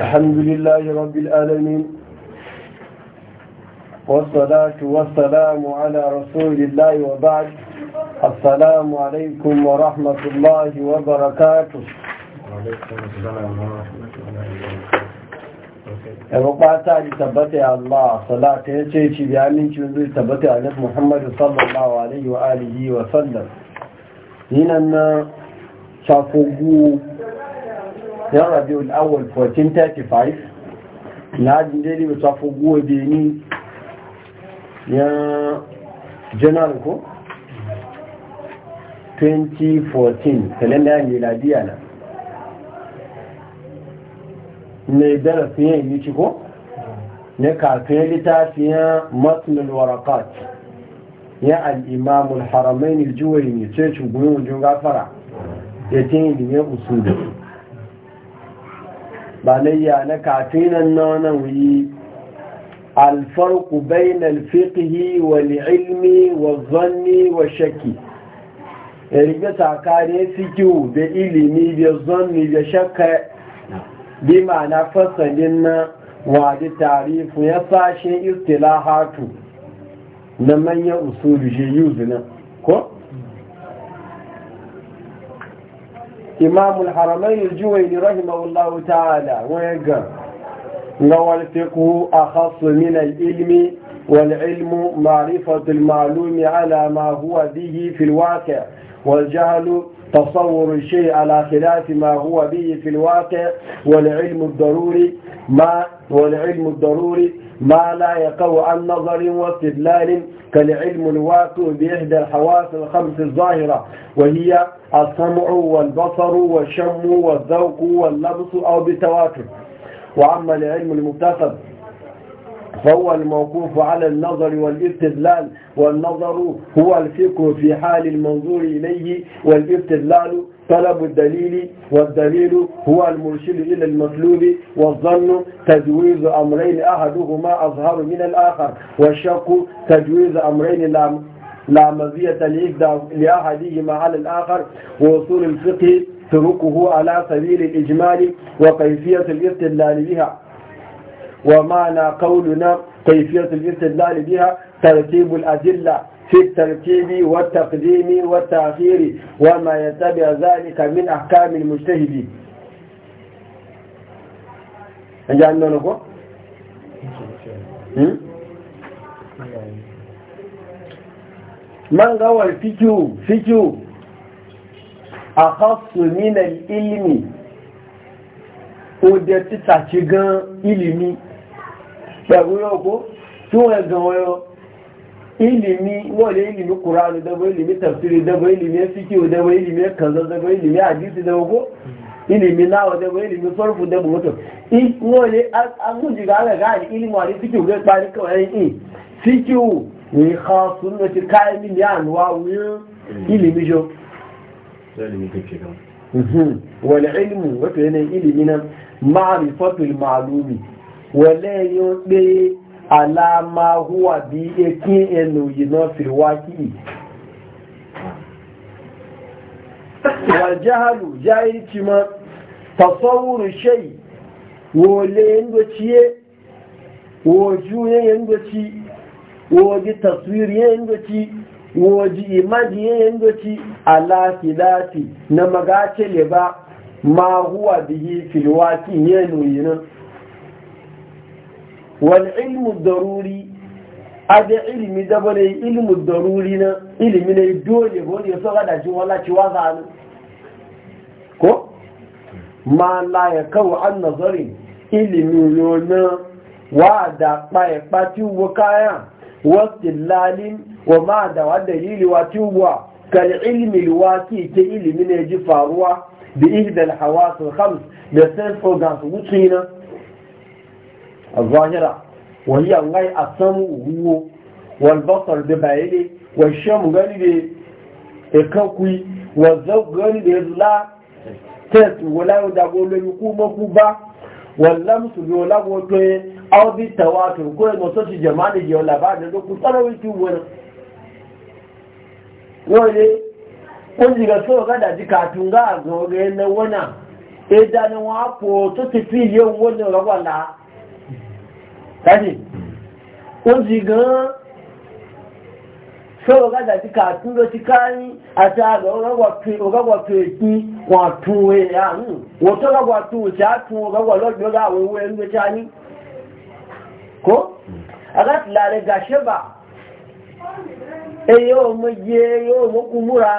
الحمد لله رب العالمين والصلاة والسلام على رسول الله وبعد السلام عليكم ورحمة الله وبركاته وعليكم السلام ورحمة الله وبركاته. yan rabiul awwal 1435 lahadin daidai wata foguwa benin ya janar ko 2014 kalenda ya miladiya na ne darasin yin yi ciko ne kafin littafiyan matsalin warakat ya al'imamul haramain juwai ne ce shugunin wajen gafara ya tinye ilimin usulun balayya na kafinan na wannan wuyi alfarku bai na alfiƙihi wa li'ilmi wa zanni wa shakki irbe tsakanin sikiyu da ilimi da zanni da shakka bi ma'ana fasalin na wadi tarifu ya sashen istila hatu na manyan usulishin yuzu na ko? إمام الحرمين الجويني رحمه الله تعالى ويقى الفقه أخص من العلم والعلم معرفة المعلوم على ما هو به في الواقع والجهل تصور الشيء على خلاف ما هو به في الواقع والعلم الضروري ما والعلم الضروري ما لا يقوى عن نظر واستدلال كالعلم الواقع بإحدى الحواس الخمس الظاهرة وهي السمع والبصر والشم والذوق واللبس أو بالتواتر وأما العلم المكتسب فهو الموقوف على النظر والاستدلال والنظر هو الفكر في حال المنظور إليه والاستدلال طلب الدليل والدليل هو المرشد إلى المطلوب والظن تجويز أمرين أحدهما أظهر من الآخر والشك تجويز أمرين لا مزية لأحدهما على الآخر ووصول الفقه تركه على سبيل الإجمال وكيفية الاستدلال بها ومعنى قولنا كيفية الاستدلال بها ترتيب الأدلة في الترتيب والتقديم والتأخير وما يتبع ذلك من أحكام المجتهدين المجتهد أنجعلنا نقول من قوى الفكر فكر أخص من العلم ودتتشغن إلمي ṣàgúnyọ́ kó tí wọ́n gan wọ́n yọ ilimi wọ́n lè ilimi kuranu dabo ilimi tafsiri dabo ilimi fikiyo dabo ilimi kanzo dabo ilimi hadisi dabo ko ilimi lawo dabo ilimi sorfu kawai ní khasun ilimi ilimi ilimi náà máa rí fọ́tò wale yo pe alama huwa bi ekin enu yina firwaki wal jahalu jahilci ma tasawuru shay wole ndo ciye woju yen ndo ci woji taswir yen ndo na magace bá ba ma huwa bihi filwaki wal ilmi daruri a da ilimi da bane ilmu daruri na ilimi ne dole wani ya sauka da shi wala ci waza ne ko ma kawo an nazari ilimi yana wa da kpaye kpati wa kaya wasu lalin wa ma da wa dalili wa tuwa kal ilmi waki ta ilimi ne ji faruwa da ihdal hawasul khams da sense organs wucina الظاهرة وهي الله السمع هو والبصر ببعيده والشم غالي بإكاكوي والذوق غالي بإذلاء تس ولا يدعو ليقوم قبا واللمس بولا وطوي أو بالتواتر كل مصوش جمالي جولا بعد ذلك تروي تيوانا wani kunji ga so gada ji katun ga a gogayen na wana idanuwa ko tutufi yin wani ragwala káṣí ó ti gan-an sọ́rọ̀ gájà ti kàtún ló ti káyí àti àgbà ọgọ́gbọ̀ wọ́n tún ẹ̀ àrùn wọ́n tó lọ́gbọ̀ tún òṣì àtún ọgọ́gbọ̀ lọ́gbọ̀lá àwọn owó ẹrú ẹ̀ta ní kó agátìlá rẹ̀ gàṣẹ́bà èyí ò mú yé yóò mọ́kú múra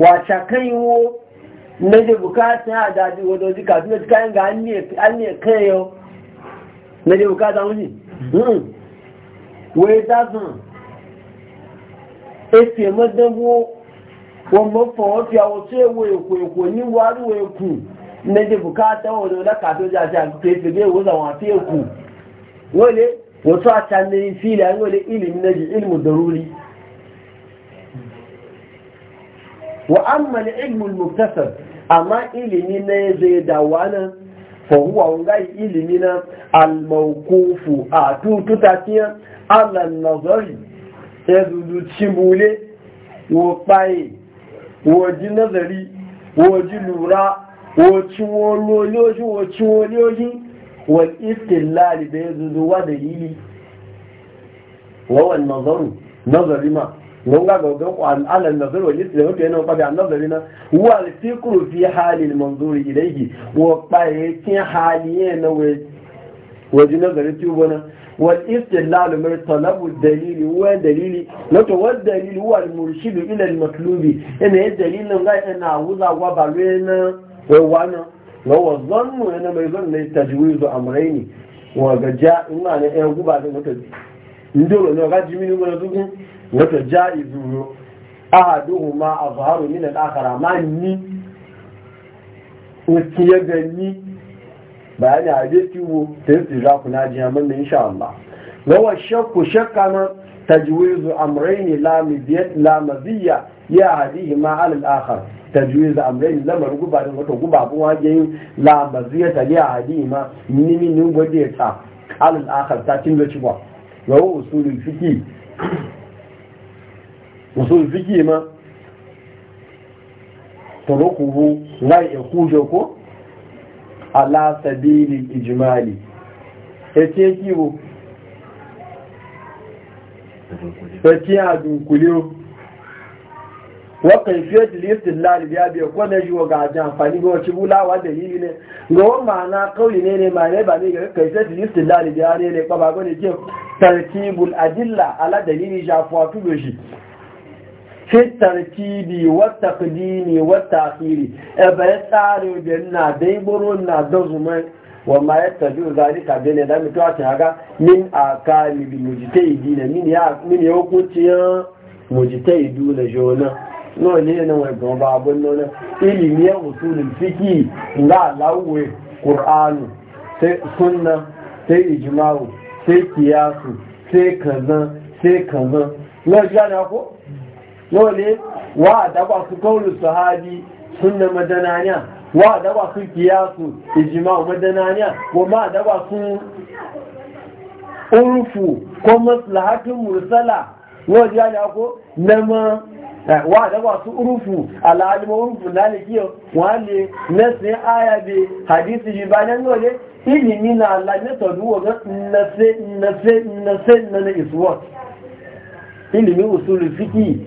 wà ṣàkẹ́yìnwó mẹ́jẹ̀ bukátí àdájú ọdọ̀ ti kàtún ló ti káyí na dai bukata wuce wai dazun efe madabo wọn mọ fọwọ́ fi àwọn tí èwo èkó èkó wa wàhálù èkó na dai bukata wọn lọ lákàtó jáde àti efe bí èwo sàwọn àti èkó wọ́n lé wọ́n tó àṣà ní fílẹ̀ àwọn olè ilmi na jì ilmu daruri wa amma ilmu muktasar amma ilimi na zai dawa nan fahuwa ngai ilimi na almaukufu a tututa tiya ala nazari ya zuzu cimbule wo paye wo nazari wo lura wo ci da ya wa wa nazaru nazari ma mun ga gaugan al'alan nazar wa yisra wato yana kwabi annabari na wa alfikru fi halil manzuri ilayhi wa bayakin haliye na waje nazari tubo na wal istidlal min talab ad dalili wa dalili wato wal dalili huwa al murshid ila al matlubi ina ya dalilin ga ina wuza wa balwena wa wana wa wa zannu ina mai zanne tajwizu amrayni wa gaja ina ne guba da mutum ne wata ja'izu a zuharu ni na ɗakara ma ni wuci ya gani bayani a jiki wo ta yi tsira kuna ji amma da insha Allah wa shakku shakka na tajwizu amrayni la mabiyat la mabiya ya Ta ji al-akhar amurai ne lamar guba da wato guba abin wajen la mabiya ta ya hadihima ni ni ni gode ta alal akhar ta tinga ci ba wa usulun fiki usul fiki ma tarukuhu la yakujo ko ala sabili ijmali ete kiwo ete adunkule o wakan fiye da liftin lalibiya biya ko na jiwo ga ajiyar amfani ga wacce bulawa dalili ne ga wani ma'ana kauli ne ne ma'ana ba ne ga kai fiye da liftin biya ne ne kwa bago ne ke tartibul adilla ala dalili shafuwa tudo shi fi tartibi wa taqdimi wa ta'khiri e ba ya tsare da na dai buru na da zuma wa ma ya tabi zalika bene da mutu a taga min akali bi mujtahidi na min ya min ya hukunci ya mujtahidu na jona no ne na wai ba ba bun no ilimi ya usulul fiqi la lawwe qur'anu sai sunna sai ijma'u sai kiyasu sai kaza sai kaza na jana ko wale wa da ba su kaulu sahabi sunna madananiya wa da su kiyasu ijma'u madananiya wa ma da su urufu ko maslahatun mursala wani ya ko nama eh, wa da su urufu al'alima urufu na ne kiyo wani na sai aya bi hadisi bi ba nan ilimi na Allah ne to duwa ga na sai na sai na sai na na is ilimi usulul fiqi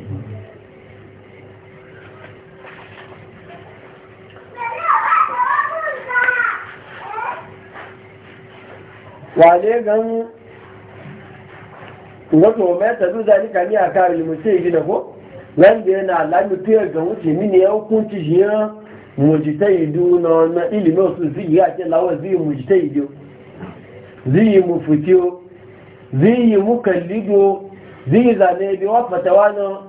wale gan wato mai tabi zalika ni a kare limusai gina ko nan da yana lamitiyar ga wuce mini ya hukunci shi ya idu na wannan ilimin su zai ya ce lawa zai mujitaidu zai mu fitiyo zai mu kallido zai zane bi wa fatawa na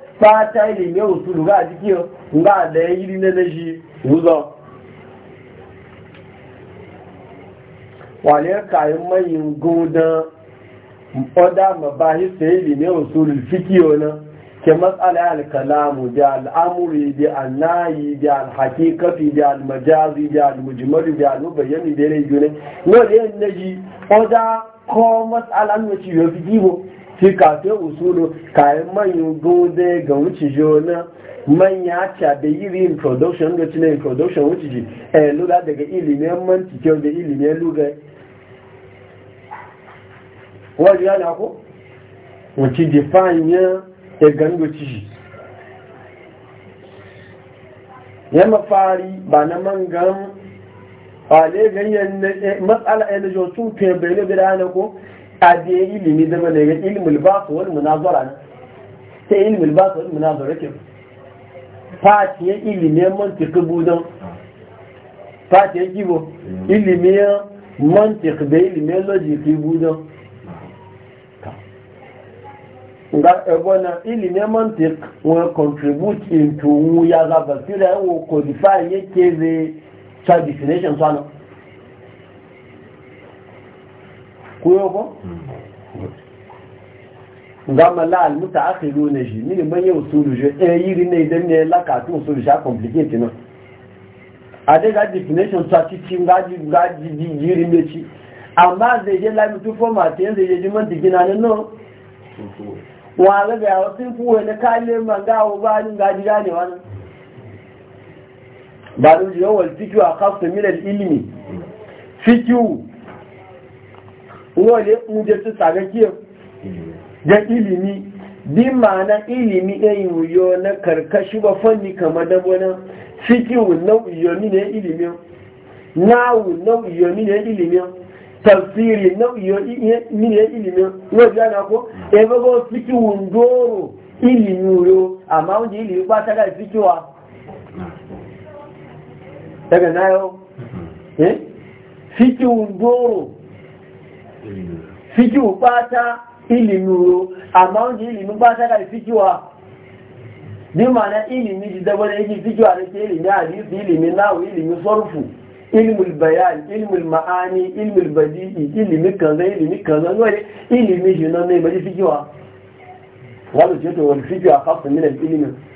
fata ilimi ya usulu ga jiki ga da ya yi na na shi wuzo wale kayan mayin godan oda mabahi sai ilimi ya usulu fikiyo na ke matsala alkalamu da al'amuri da annayi da alhakikafi da almajazi da almujimari da almubayyani da yanayi yanayi yanayi na ji oda ko matsala nuna ciwo fikiyo shi kafin usulu kayan e manyan gode ga wuce jona manya ta da yiri introduction da cina introduction wuce ji eh lura daga ilimin manci kyau da ilimin lura wani yana ko wuce define ya egan wuce ji ya mafari ba na mangan ba ne ganyen matsala ya na josu ke bai ne bida ko kaje ilimi da mana ga ilmul basu wal munazara ne sai ilmul basu wal munazara ke fati ya ilimi mantiq budan fati ya gibo hmm. ilimi mantiq da ilimi logiki budan ga ebona ilimi mantiq will contribute into ya za basira wo codify yake the traditional sana koyo ko gama la almuta akhiru na shi mini man yau sulu je eh yiri ne idan ne la ka tun sulu sha complicate na a dai ga definition ta ci cin ga ji ji yiri ne ci amma zai je la mutu format yan eh, zai je jiman digina no wa ga ga wasu fu wani kale man ga o ba ni ga ji gane wani. ba dun yawal fikiu akhafta min al-ilmi fikiu wale nje tu tsaga kiyo da ilimi bi na ilimi ya na karkashi ba fanni kamar da wani fikihu nau'i yomi ne ilimi nawu na yomi ne ilimi tafsiri nau'i yomi ne ilimi wajen yana ko ebe ko ndị ilimi fíkíwò pátá ìlìmí ro àmá oúnjẹ ìlìmí pátá kàrí fíkíwà ní màá ìlìmí ti dẹ́gbọ́n èjì fíkíwà rẹ̀ sí ìlìmí àdísì ìlìmí sọ́rùfù ilmu bayan ilmu ma'ani badi'i ilimi kaza ilimi ilimi shi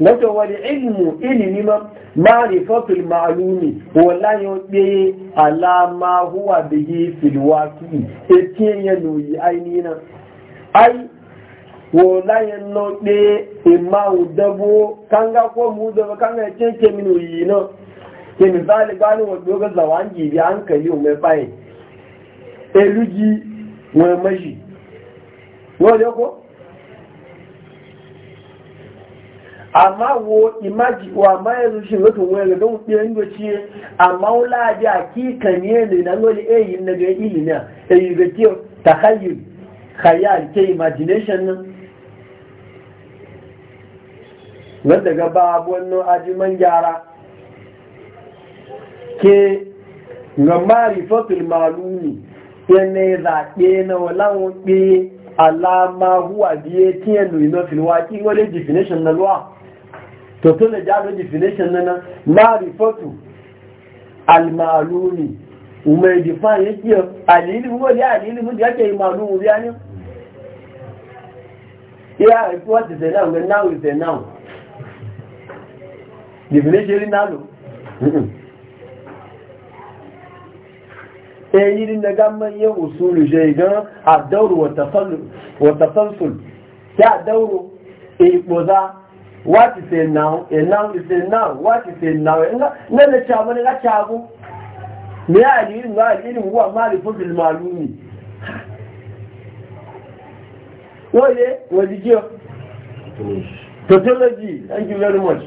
wato wani ilmu ilimi ma marifatul ma'alumi wala yau tsaye alama huwa bihi filwaki etiyan ya noyi aini na ai wallahi no tsaye ima udabo kanga ko mu udabo kanga etiyan ke min oyi na ke misali gani wa doga zawangi bi hankali mai fayin eluji mai maji wọ́n yọ́kọ́ amma wo imaji wa ma yanzu shi wato wani ga don ɗaya ndo ci amma wula da hakika ne ne na wani eyi na e ga ilimi a eyi ga ke takhayyul khayal ke imagination nan nan daga ba wannan ajiman gyara ke ga marifatul malumi yana zaɓe na wala wani alama huwa biye tiyan nuna filwa ki wani definition na luwa to tun da jalo definition nana ma'rifatu al-ma'lumi umai define yake alili mu da alili mu da yake ma'lumi ya ne ya what is the noun na noun is the noun definition nalo eyirin da gamman yin usulu shaigan a dauro wa tasalsul ya dauro ikpoza eh, what is a noun a noun is a noun what is a noun na na chabu na chabu me ya alirin ba alirin huwa ma'rifu bil ma'lumi oye what did you tautology thank you very much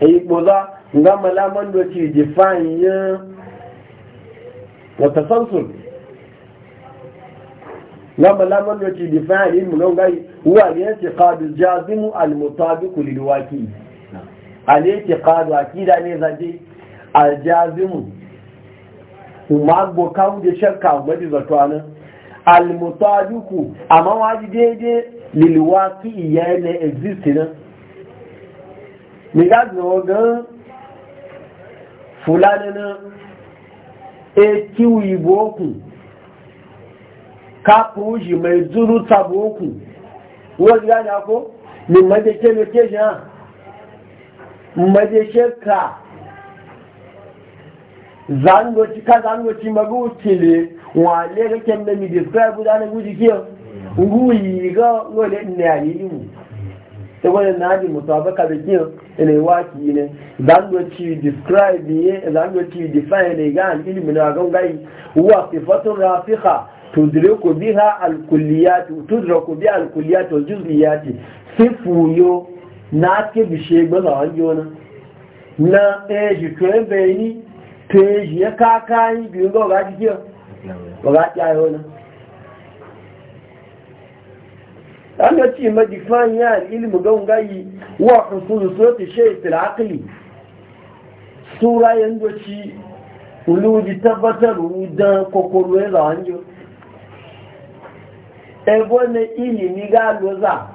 eyi kpoza nga malaman doci define ya wata sansun لما لما نتي دفاع العلم لو غاي هو الاعتقاد الجازم المطابق للواقع الاعتقاد اكيد ان زدي الجازم وما بو كاو دي شركا ومدي زتوانا المطابق اما واجي دي دي للواقع يعني exist نا ميغاد نوغا فلان نا اكيو يبوكو kapu shi mai zuru tabo uku wani gane ko ni majeshe ne ke shi ha majeshe ka zangoci ka zangoci magu cile wale ga kem mi describe da na guji kiyo nguyi ga wale ne ya yi mu ta wani na ji musabaka da kiyo ne waki ne zangoci describe ne zangoci define ne ga ilimi na gangayi wa sifatun rafiqa tudriku biha alkulliyat tudraku biha alkulliyat wal juz'iyat sifu yo na na na eji kwembe teji ya kaka yi biyu ga ga ji ga ga ya na an da ci ma difan ya ilmu ga ngai wa husul ya shay fil aqli sura yanzu ci uluji tabbatar rudan kokoro ya Ego na ilimi ga loza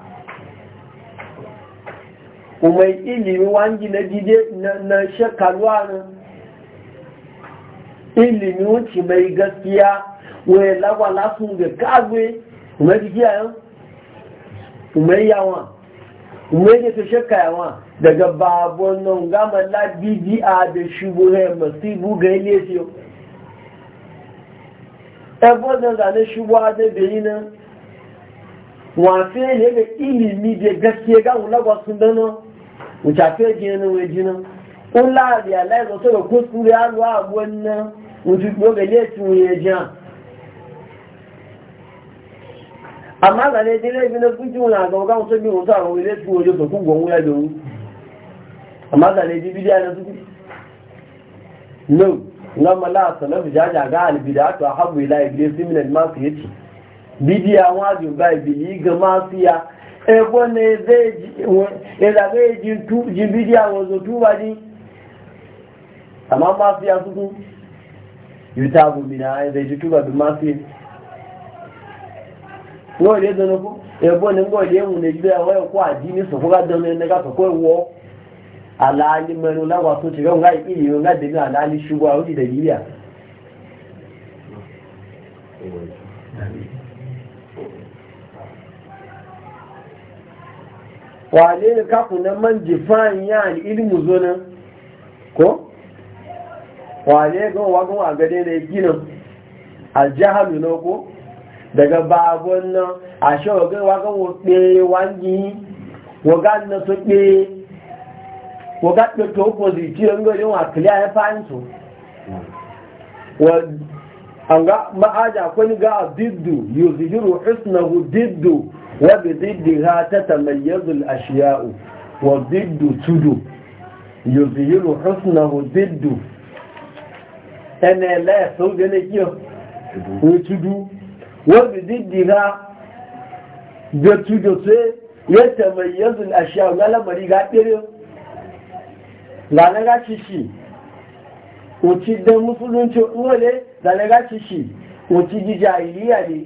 umai ilimi wangi na jide na shekarwa na ilimi wuce mai gaskiya wai lagwala sun ga kagwe umai jikiya yan umai yawan umai da ta shekka yawan daga babon nan gama labidi a da shubuhe masu buga ilesiyo ebo na zane shubuwa da bayi nan wafe ne da ilimi da gaske ga wulagwa sun dano wucafe jini wai jini ula da yalai zo to da kuskure ya ruwa a wannan wuci yoga lesu ya jiya amma ga ne dire bi na kuki wuna ga ga wasu bi wasu a wani lesu waje su ku gwanwu ya domin amma ga ne bibi da na suku no na mala salafu jaja ga albidatu a habu ila iblis min al-masiyati bidiya wajen bai bili ga mafiya ebo ne zai jin bidiya wazo tuba ji amma mafiya suku yuta gumina ya zai ji tuba mafiya yóò lé dọ́nà kú ẹ̀bọ́n ní ngọ́ ilé ìwọ̀n nàìjíríà wọ́n ẹ̀kọ́ àjí ní sọ̀kọ́gá dọ́nà ẹni ká sọ̀kọ́ ìwọ́ àlàálí mẹ́rin láwà wale ne kafu na man jifan ya ilmu zonan ko wale ga wagon a gane da gina aljihalu na ko daga babon nan a shi wagon wagon wakpe wangi wagan na so pe wagan pe to opposite yan gari wa clear ya fahimta su an ga ma'aja kwani ga diddu yuzihiru husnahu diddu وبضدها تتميز الأشياء وضد تدو يظهر حسنه ضد أنا لا يسوق نكيه وتدو وبضدها بتدو يتميز الأشياء ولا مريقا تريو lanaga shishi oci don musulunci wale lanaga shishi oci jijayiliya ne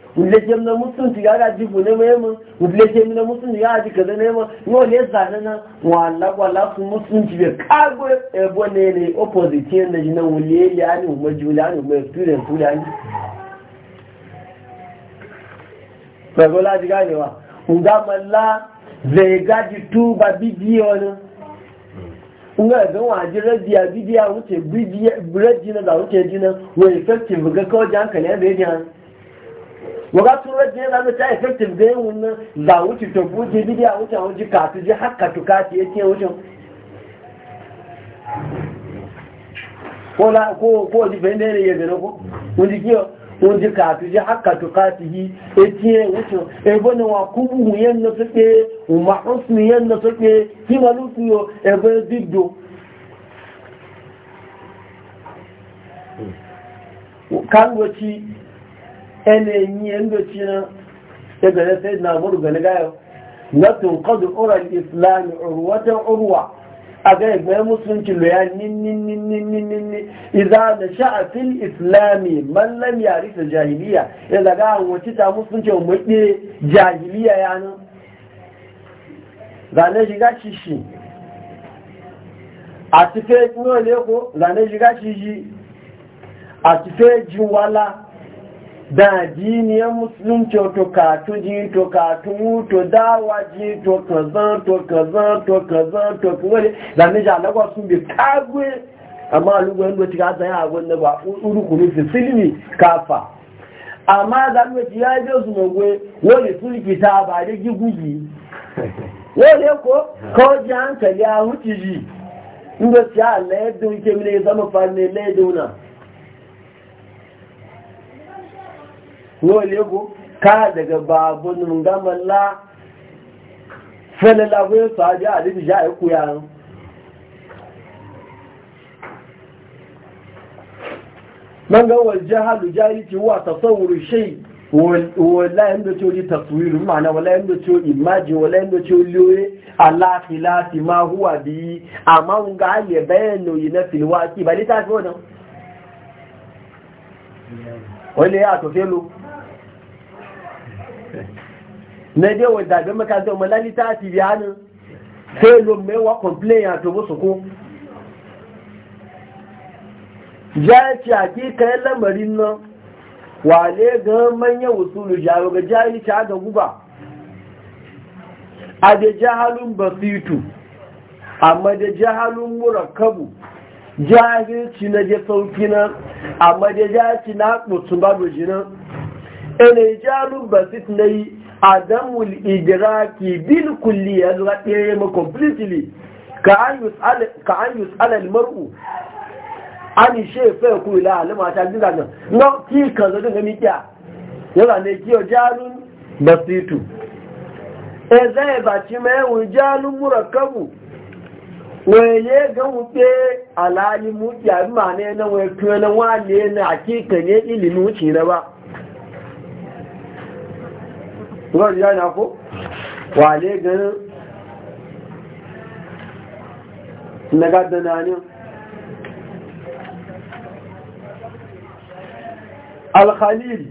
wulajem na mutunci ya gaji gune mai mu na mutunci ya gaji kaza ne mu yau ne zane na wala wala su mutunci bai kago ebo ne ne opposite yanda ji na wule ya ni umma jula ni umma student tula ni bago la ji gane wa nga malla zai gaji tu ba bidiyo ne nga ga wa ji radiya bidiya wuce bidiya radiya na da wuce jina wa effective ga kawai hankali ya zai waga turar da ya ta effective ga yin wannan da wuce ta buce a wuce a wajen kasu ji haka tukati ya ce wucin ko wajen fahimta ne ya gano ko wajen kiyo wajen kasu ji haka tukati yi ya ce wucin ebe na wakubu yan na suke umarusnu yan na suke himalusu yo ebe ziddo kan wuce ẹnẹ̀yìn ẹ̀ndọ̀tí náà ẹgbẹ̀rẹ̀ sẹ́yìn náà mọ́rù gẹ̀lẹ́gáyọ̀ latin kọdù ọ̀rọ̀ islami ọ̀rọ̀wọ́tẹ́ ọ̀rọ̀wà aga egbe musulunci lọ ya sha'afin islami ya jahiliya ya shiga shishi shiga da jiniyar musulunci to katu ji to katu to dawa ji to kazan to kazan to kazan to kawai da ni ja lagos sun bi kagwe amma lugu yadda ci ka zaya a wanda ba uru kunu fi silmi kafa amma da ni ya je su magwe wani sulki ta ba da gigugi wani ko kawai ji hankali a huci ji inda ci a laifin kemle zama fa ne na. wale ka daga babun gamalla falala wani sahabi a rufi sha aiku yaran man ga wal jahalu jahilci wa tasawuru shay wala yanda ce wani taswiru ma'ana wala yanda ce wani imajin wala yanda ce wani liyoyi ala khilafi ma huwa bi amma mun ga hanyar bayan nauyi na filwaki ba littafi wannan wani ya to felo na je wa dabe makarantar malali ta ti biya nan sai lo mai wa complain ya to musu ko ya ci aki kai lamarin nan wale ga manya usulu jaro ga jahili ta ga guba a da jahalun basitu amma da jahalun murakkabu jahilci na je sauki nan amma da jahilci na mutum babu jinan ene jahalun basit na yi adamul idraki bil kulli ya zuwa tsere ma completely ka an yus'ala al-mar'u an she fa ku ila alama mata gida nan no ki ka zo daga kya yana ne kiyo jalun basitu e zai e ba ci mai e wujalun murakkabu weye ga wuce alali ya ma ne na wai tuwa na wale na hakika ne ilimin wuce na ba zuwa riya na ko wale ganin na gadana ne alkhalil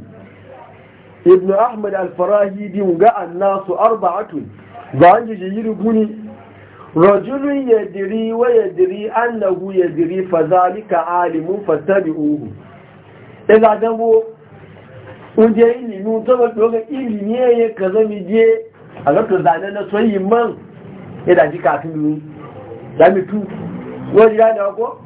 ibn ahmad alfarahidi ga annasu Arba'atu, ba an ji jiri guni rajulun yadiri wa yadiri annahu yadiri fa zalika alimun fattabi'uhu ila e dambo kuje ilimin zama doga ilimi ya ka zami je a zaka zane na soyi man ya daji kafin yi zami tu wani ya da wako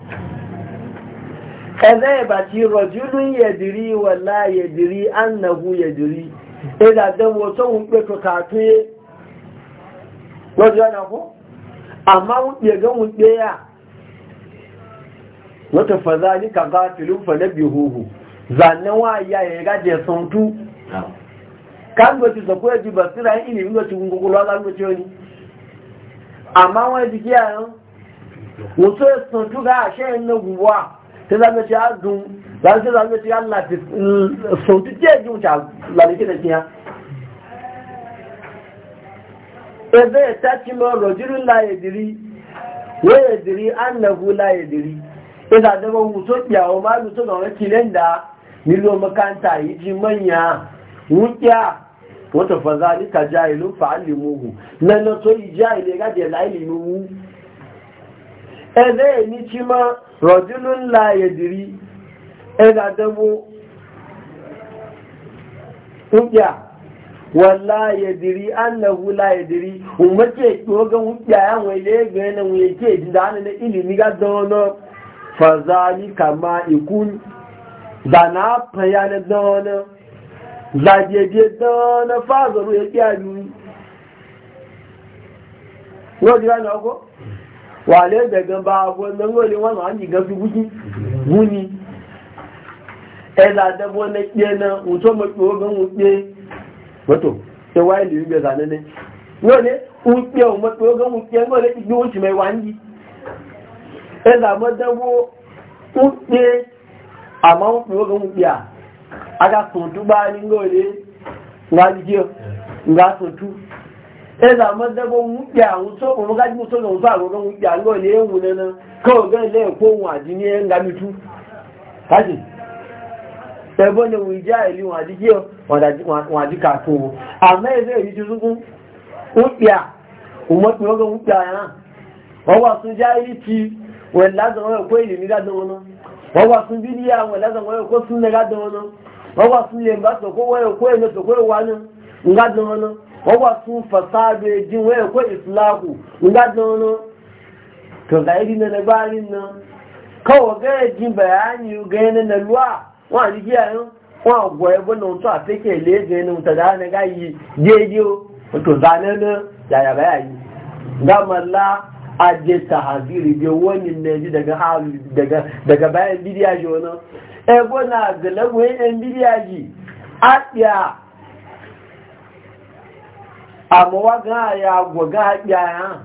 kaza ya baci rajulun ya diri wala ya diri annahu ya diri ya da dan wasan hukpe to kafe wani ya da wako amma hukpe ga hukpe ya wata fazalika gafilun fa na bihuhu zanen wa ya ya gaje sun tu kan goci da ko ji e basira yin ilimi goci gun gogolo za mu ce ni amma wa ji e ya yo wato sun e tu ga she na guwa ta zama ci azun zan ce zan ce Allah ti sun tu je ju ta lalike da kiya ebe ta ci mo rojirun la yadiri wa yadiri annahu la diri. ina da ba wuto kiyawo ma wuto ga wakilin da milo makanta yi ji manya wukiya wata fazalika jahilun fa'allimuhu na na to yi jahile ga da lailimuhu ẹzẹ́ ní tí ma rọ̀dúnlún láyẹ̀dìrí ẹzàdẹ́mú wukiya wàlá yẹ̀dìrí annahu láyẹ̀dìrí umarce ìgbógan wukiya yawon ilé ẹgbẹ̀rẹ̀ na wuye ke ìdídá hannun ilimi ga dánwọ́n fazalika ma ikun zana faya na zana zajeje zana fazaru ya kiya biyu yau jira na ako wale daga ba abuwan nan yau wani an gafi guki guni ẹ̀là dẹ́bọ́ ní pé ẹ̀nà òtọ́ mọ̀ pé ó gánwò pé mọ́tò ṣe wá ìlú ìgbẹ̀ zanẹ́nẹ́ yóò ní ń pé ọmọ pé ó gánwò pé ẹgbẹ́ ìgbẹ̀ oṣù mẹ́wàá ń yí àmọ́ ń pè ókè ń pè à agbàkùntú bá ní ngóòlé ngájíjẹ́ ngásòtú ẹ̀dà mọ́dẹ́gbọ́ ń pè àwọn tó òun gájí mú sókè òun tó àgbọ̀gbọ́ ń pè àgbọ̀lé ẹ̀wù nana kọ́ọ̀gán ilé ẹ̀kọ́ ohun àdí ní ẹ̀ ń gámitú káṣì ẹ̀bọ́n ni wọ́n ìjà ìlú wọn àdíjẹ́ wọn àdí kàkùn wọn àmọ́ ẹ̀fẹ́ èyí ti sunkún ń pè à òun pè ókè ti wọ́n wá fún bíbí àwọn ẹ̀lẹ́sàn wọ́n yóò kó fún lẹ́gá dán ọ́nà wọ́n wá fún lẹ́mbà sọ̀kó wọ́n yóò kó èlò sọ̀kó ìwà ní ńgá dán ọ́nà wọ́n wá fún fasádù èjì wọ́n yóò kó ìfúláàkù ńgá dán ọ́nà tọ̀gá ìdí nana bá rí nà kọ́wọ́ gẹ́rẹ́ jí bẹ̀rẹ̀ wọ́n àti wọ́n àgọ́ náà tó aje tahaziri bi wani ne daga hali daga daga bayan bidiya ji wani ebo na galabu yan bidiya ji adiya amma wa ga ya goga adiya ya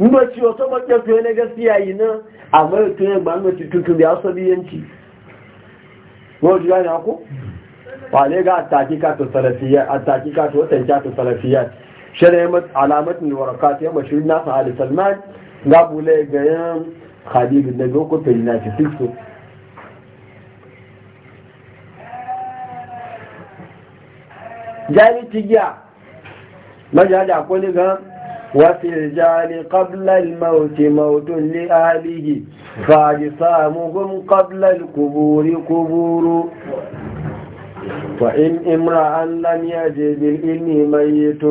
ndo ci o to ba ke to ne gaskiya yi na amma to ne ba ndo ci ya so biyanci wo ji ga na ko wale ga atakika to salafiyya atakika to tanka to salafiyya shari'a alamatin waraka ta yamma shirin nasa fa'ali salman ga bule ga yan khalidu na biyu kuta na ci fixo jari tigiya majaji akwai kwani ga wasu rijali ƙablal mauti mautun li alihi fa ji samu samuhun ƙablal kuburi kuburu فإن امرأة لم يجد الإن ميت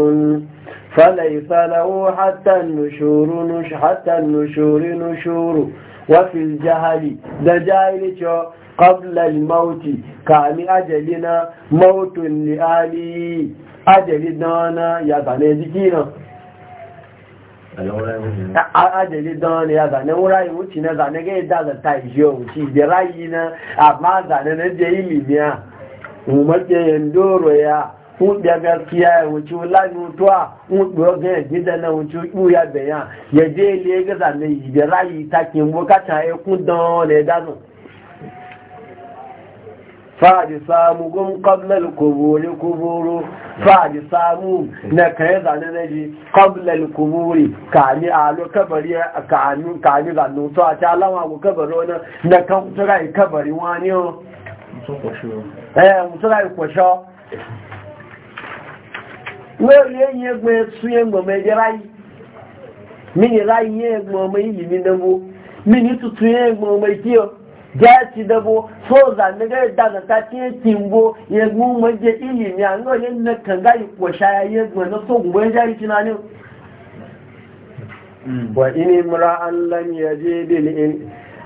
فليس له حتى النشور حتى النشور نشور وفي الجهل دجائل قبل الموت كان أجلنا موت لآلي أجل دانا يا بني ذكينا أجل دانا يا بني ورائي وشينا زانا كي دازا تايشيو وشي برايينا أما زانا نجيلي بيان umarke doro ya hudu gaskiya ya wuce wula nutuwa hudu oge ya gida na wuce ɓuya bayan ya je ile ga zane ibe rayu ta ke bukata ya kudan ne dano fadi samu gun kablal kuburi kuburu fadi samu na kai zane na ji kablal kuburi kani alo kabari kani zane nutuwa ta lama ku kabari wani na kan tura kabari wani yau mutuna ikwasho wẹ́rẹ̀ yẹn gbọ́ ẹ̀tú yẹn gbọ́ mẹ́jẹ́ ráyí mini ráyí yẹn ọmọ yìí mi dẹ́gbọ́ mini tutu yẹn ọmọ ìkí ọ jẹ́ẹ̀tì dẹ́gbọ́ sọ́ọ̀zà nígbà ìdàgbàta tí yẹn ti ń gbọ́ yẹn ọmọ ìlì ni.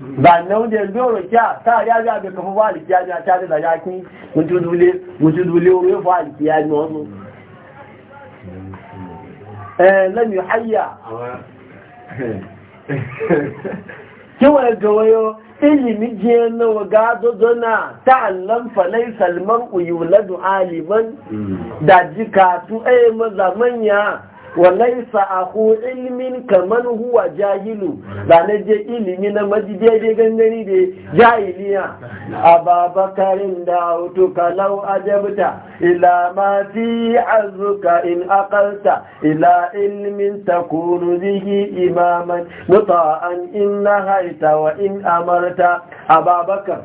ba na wunde ndoro kya ta ya ya be kafa wali kya ya ta da ya ki mutu dule mutu dule o yo wali Ya ni onu eh lam yuhayya ki wa gawayo ilimi je na waga dodona ta allan falai salman uyuladu aliman mm. da jikatu eh maza manya walaisa aku ilmin kaman huwa jahilu da na je ilimi na majidai gangani da jahiliya a babakarin da hutuka lau ajabta ila ma fi azuka in akalta ila ilmin takunu bihi imaman muta'an in nahaita wa in amarta a babakar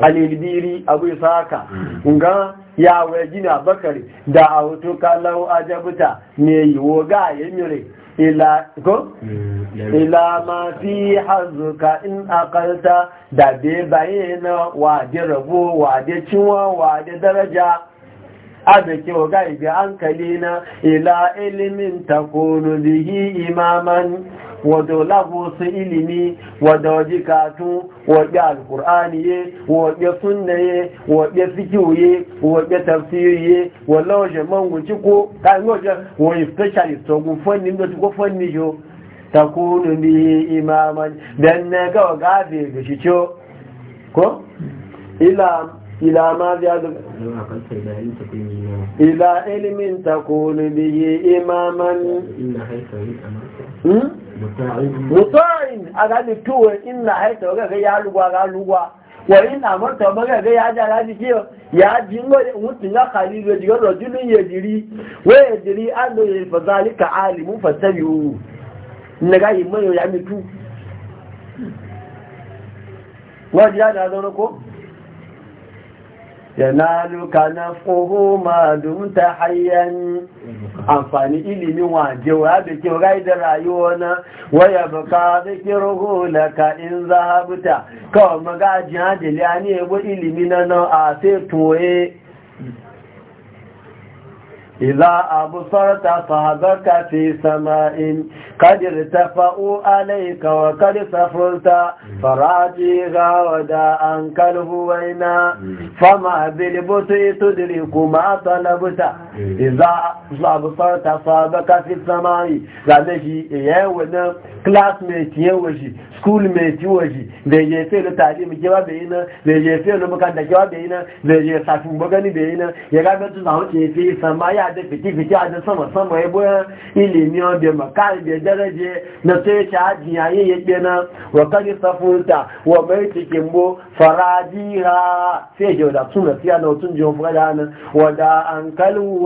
alilbiri abu saka nga ya wajina bakari da auto kalau ajabuta ne yiwo ga ila mire mm, ila ma fi hazuka in aqalta da be baye na wa de wade wa de daraja abeke oga ibe hankali na ila ilimin takunu bihi imaman wado labo su ilimi wada waje katun waɗe alkur'ani ye waɗe sunna ye waɗe fikiyu ye waɗe tafsiru ye wala waje mangu ko kayan waje wani specialist ogun fani da ko fanni jo ta kunu bi imaman dan na ga gafe ga shi ko ila إلى ماذا إلى علم تكون به إماما مطاع أغاني تو إن حيث وغا يا لغوا لغوا وإن أمرت وغا يا جلالي كيو يا جنو متنا خليل وجيو رجل يجري ويجري أنه فذلك عالم فسبيو نغا يمن يعمل تو واجي أنا أدونكو yanaluka fuhu ma dumta hayan amfani ilimi waje wa da ke rai da rayuwa na waya baka na laka in zahabta kawai magaji hajjali ne ilimi na nan a sai toye إذا أبصرت صحبك في سماء قد ارتفعوا عليك وقد سفرت فراجيها وداء كالهوين فما بالبطء تدرك ما طلبت Mm. iza labar ta saba kafin samari zane shi yawon eh, nan classmate yawon shi schoolmate yawon shi da ya fi da talibu kewa bai yi nan da ya fi da makanta kewa bai yi nan da ya safin bagani bai yi nan ya gaga tun zahun ce fi sama ya da fiti-fiti a da sama-sama ya boyan ilimi on bai makari bai daraje na sai ta hajji yayin ya ke nan wa kari safunta wa mai cikin bo farajira sai ya da tun da siya na otun jiyon fura da hannun wa da an kalu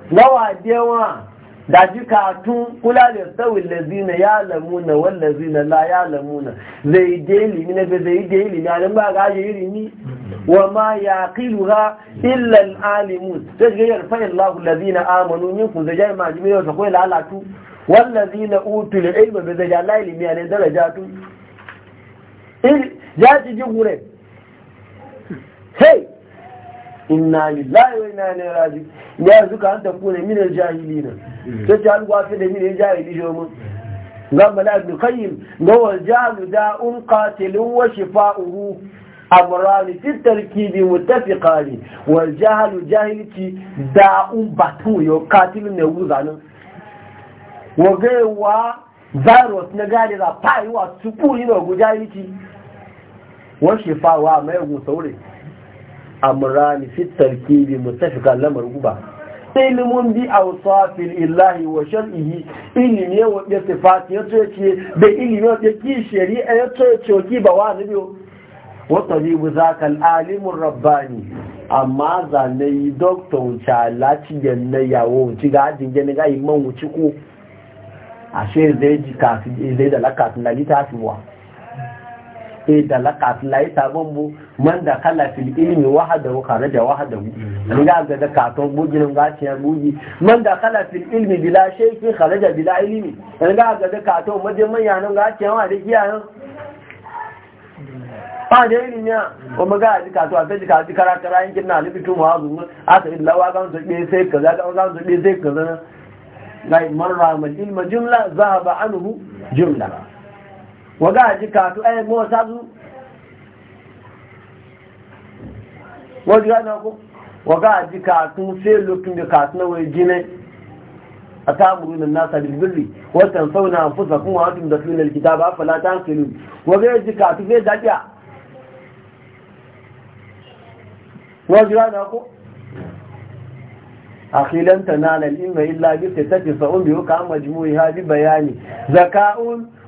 gawa wa da jikatun kula da tsawon lazina ya lamuna wani lazina la ya lamuna zai je limi na zai je ilimi a nan ba gaji ni? wa ma ya kilu ha illan alimun sai ga yarfa lahu lazina amanu yin ku zai jai majimi yau ta kwai lalatu wani lazina utul ilmi bai zai ja la ilimi a ne daraja tu ya ci ji gure hey inna lillahi wa inna ilaihi raji'un ya yanzu an tafi ne minar jahili ne ta ce an gwafi da minar jahili shi mu zan bala ibn qayyim ga wal jahlu da'un qatilun wa shifa'uhu amrani fi tarkibi kari wal jahlu jahilci un batu yo qatilun ne wuzanin wa gaiwa virus na gari ta yi wa tupu na go jahilci wa shifa'u mai gun saure amrani fi tarkibi kari lamar guba ilimin bi a wasafin illahi wa shar'ihi ilimin yawon ya sifati ya ce da ilimin ya ki shari'a ya ce ki ba wa nabi wata ribu za ka alimin rabbani amma zane yi doktor wuce alaci da na yawo wuce ga ajin gani ga iman wuce ko ashe zai ji kafin zai da lakasin na litafiwa sai da laƙas layi sabon bu man da kala fil ilmi wahada wa kharaja wahada an ga ga da katon bugin ga ci ya bugi man da kala fil ilmi bila shayki kharaja bila ilmi an ga ga da katon maje man ya nan ga ci wa da kiya nan ba da ilmi ya o maga ji kato a ji kaji kara kara yankin na libitu mu hazu aka illa wa ga zuɗe sai ka ga ga zuɗe sai ka zana ga marra ramal ilma jumla zahaba anhu jumla wọ́gá àjíkà tó ẹ́ mọ́ sáájú wọ́n jẹ́ ọ̀nà kó wọ́gá àjíkà tó ṣe lókùn jẹ́ kàtúnwò ìjínẹ́ atamuru nan nasa bil birri wa tansawna anfusakum wa wa na ko akhilan bayani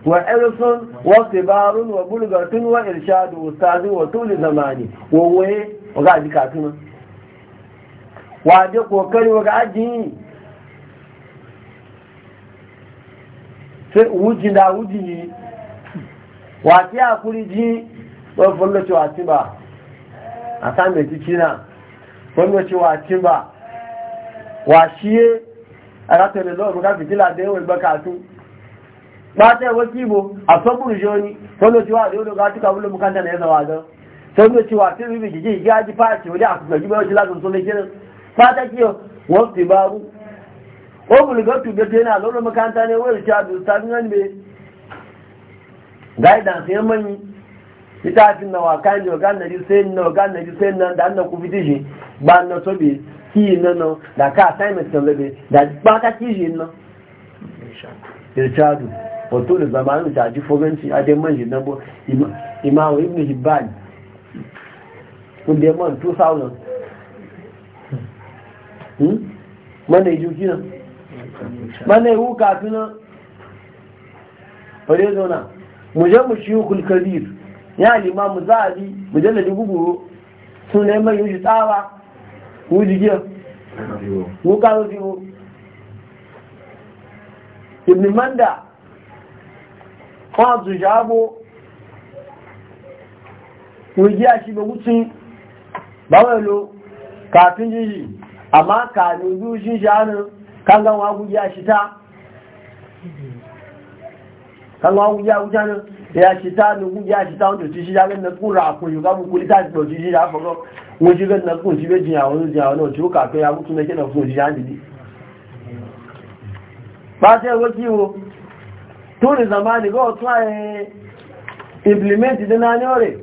وعرس وكبار وبلغة وإرشاد أستاذ وطول زماني وهو وقاعد كاتنا وعد وكري وقاعد wuji na wuji yi wati a kuri ji wọn fọlọci wati ba a sami tiki na fọlọci wati ba wa shiye a bata yawa kibo a sabon joni sanu cewa da yau ga tuka wulin mukanta na ya zawa zan sanu cewa tun ribi jiji ya ji faci wani a kusurgi bai wajen lagun sunan kirin fata kiyo wasu o ta yana ne wani da sai manyi na waka ne wagan na jisai na wagan na na da annan kufi tishi ba na tobe ki na na da ka assignment na zabe da ba ka kishi na wato da zamanin ta ji foganci a dai manjin nan bo ibn hibban kun da man 2000 mana yi juki nan mana yi wuka fi nan wadai zauna mu je mu shiyu kulkabir ya limamu za a ji mu je da ji sun ne mai yushi tsawa wuji giya wuka wuji ibn manda fáàzù ìyàbò wòye àṣìgbògútí báwọn èlò kàfin yìí àmá kààrin ojú ṣíṣe ánú kángáwọn agúgbé àṣìta àṣìta ní àṣìta oúnjẹ tí ṣíṣe alẹ́ nẹ́kún rà àpò yóò lítà ìpọ̀ tí tóòrì zamani eh, na tún ààrẹ implementi dínà ní ọ̀rẹ̀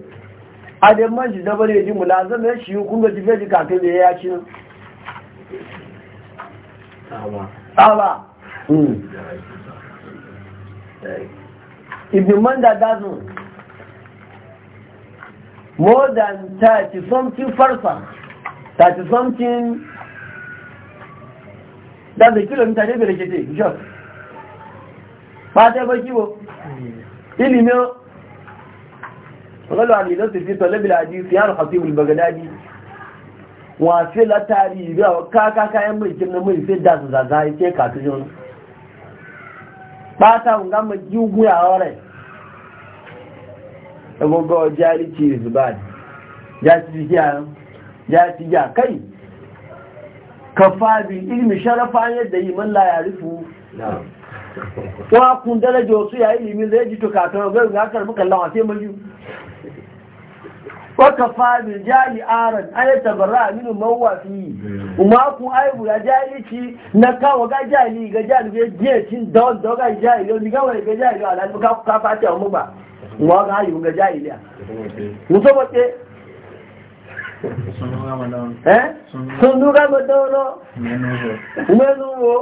adẹ́mọ́jì dábọ́lẹ̀ èdè mùlá zọ́mẹ́ ṣí kún ló ti fẹ́ jù kàkiri ẹ̀yà ṣínú tàwà ìgbìmọ́ dàdázùn more than 30 something farsa 30 something that's a kilometer débẹ̀rẹ̀ kìtì just fata ba kiwo ilimin ọgọ́lọ́ àdìlọ́ ti fi tọ́lẹ́bìlà àjí fi hàn kàfí olùbọ̀gẹ́dájí wọ́n a fi látàrí ìrí àwọn káàkàkà ẹmọ ìkẹ́mọ ìfẹ́ dàtù zàzà kai bi yadda yi man wa kun daraja wasu ya yi ilimi zai ji tukatun zai ga karbi kallon a sai maju waka fadil jali aran ayat tabarra minu mawafi kuma ku aibu ya jali ki na kawo ga jali ga jali ga je cin don don ga jali ga ga wai ga jali ala ka ka fati mu ba mu ga ayu ga jali ya mu so bace eh sun duga madolo menu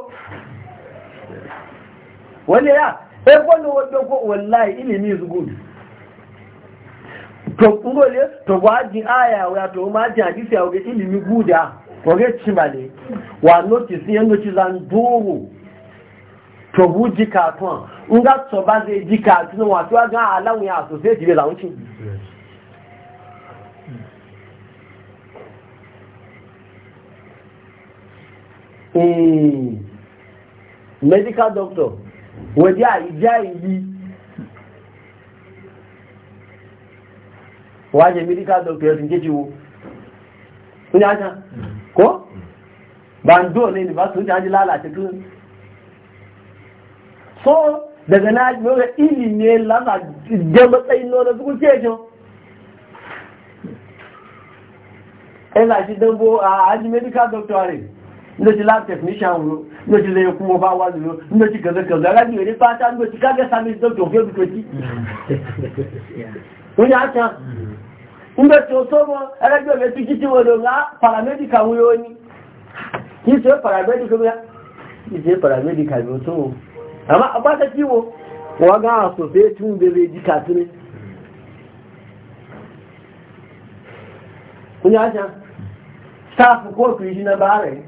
wani ya ẹgbọ́n ni ko dọ́gbọ́ wọláì ilimi is good to ngole to wajin aya wa to majin hadisi ya oge ilimi guda oge chimale wa notice yango chizan duru to buji katon nga to ba ze ji katon wa to ga alamu ya so sai jibe lawun chin hmm. medical doctor waje a ijayi waje medical doctor sun ciwo sun yi ko? bando ne ne ba su wuce ji lalace tun so daga na yi yau ili ne lasa je matsayin nuna su kuke shi ɗan shi medical doctor ndoci lab technician wo ndoci le kuma ba wa lo ndoci kaza kaza ga ni ba ta kaga sami do to fe to ti unya acha nbe to so mo ara jo le ti ti wo lo nga paramedic awu yo ni ki se paramedic ko ya ki se paramedic awu to amma ba ta ti wo wa ga so fe tun be be ji katune unya acha staff ko ku ji na bare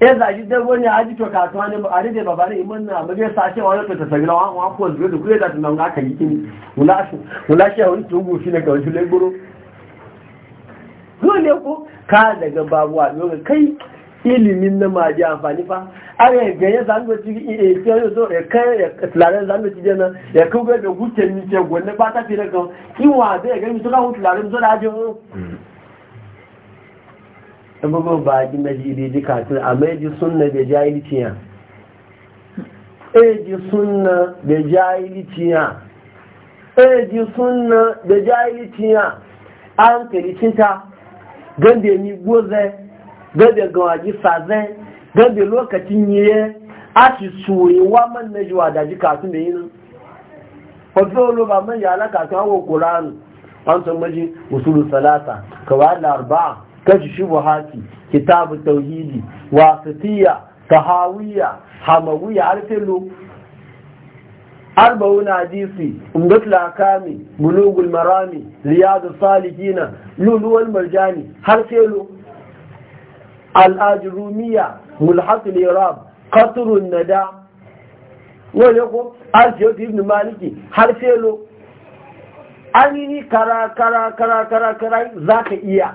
ya zaji dabo ne haji to kasuwa ne ba a rike ba bari iman na mu zai sace wani to ta sabi lawan wa ko zuwa da kure da tunan ga kan yikin mulashi mulashi ya wani tugu shi ne kawai shi leburo dole ko ka daga babuwa dole kai ilimin na ma ji amfani fa a ga ganye zan go ci e ce yo so e kai ya tulare zan go ci jana ya kuga da huce ni ce gonne ba ta fi daga kiwa da ga mi to ka hutu lare zo da ajo gbogbo ba ji na ji daidai katin a mai ji sunna da jahilciya eji sunna da jahilciya eji sunna da jahilciya an kiricinta gande ni goze gande gawaji sazen gande lokacin yiye a ci soyi wa man na jiwa da ji katin da yi nan wafi olo ba man yala katin hawa kuranu an san maji usulu salata kawai da arba'a kashi shubuhati kitabu tauhidi wasitiya tahawiya hamawiya arfilu arba'una hadisi umdat lakami bulugul marami riyadu salihina luluwal marjani har felu al'ajrumiya mulhatul irab qatrun nada wani ko arjiyar ibn maliki har yi ni kara kara kara kara kara za ka iya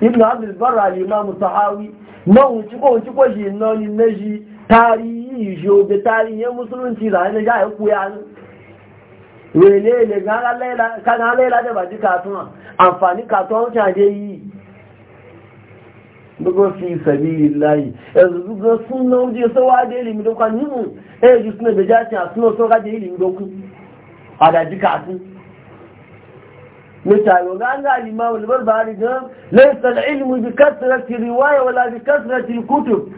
ibn abdul barra al-imam tahawi na wuci ko wuci ko shi na ni na tarihi jo be tarihi musulunci da ne ga e ku ya ni wele le ga lela kana lela da ba ji amfani katun ta yi gbogbo fi sabilillahi ẹ̀rù gbogbo súnmọ́ oúnjẹ sọ́wọ́ adé ìlìmí lókọ́ nínú ẹ̀rù súnmọ́ ìbẹ̀já àti àsúnmọ́ sọ́wọ́ adé ìlìmí lókún àdàjíkà مثال وقال الإمام البربري قال ليس العلم بكثرة الرواية ولا بكثرة الكتب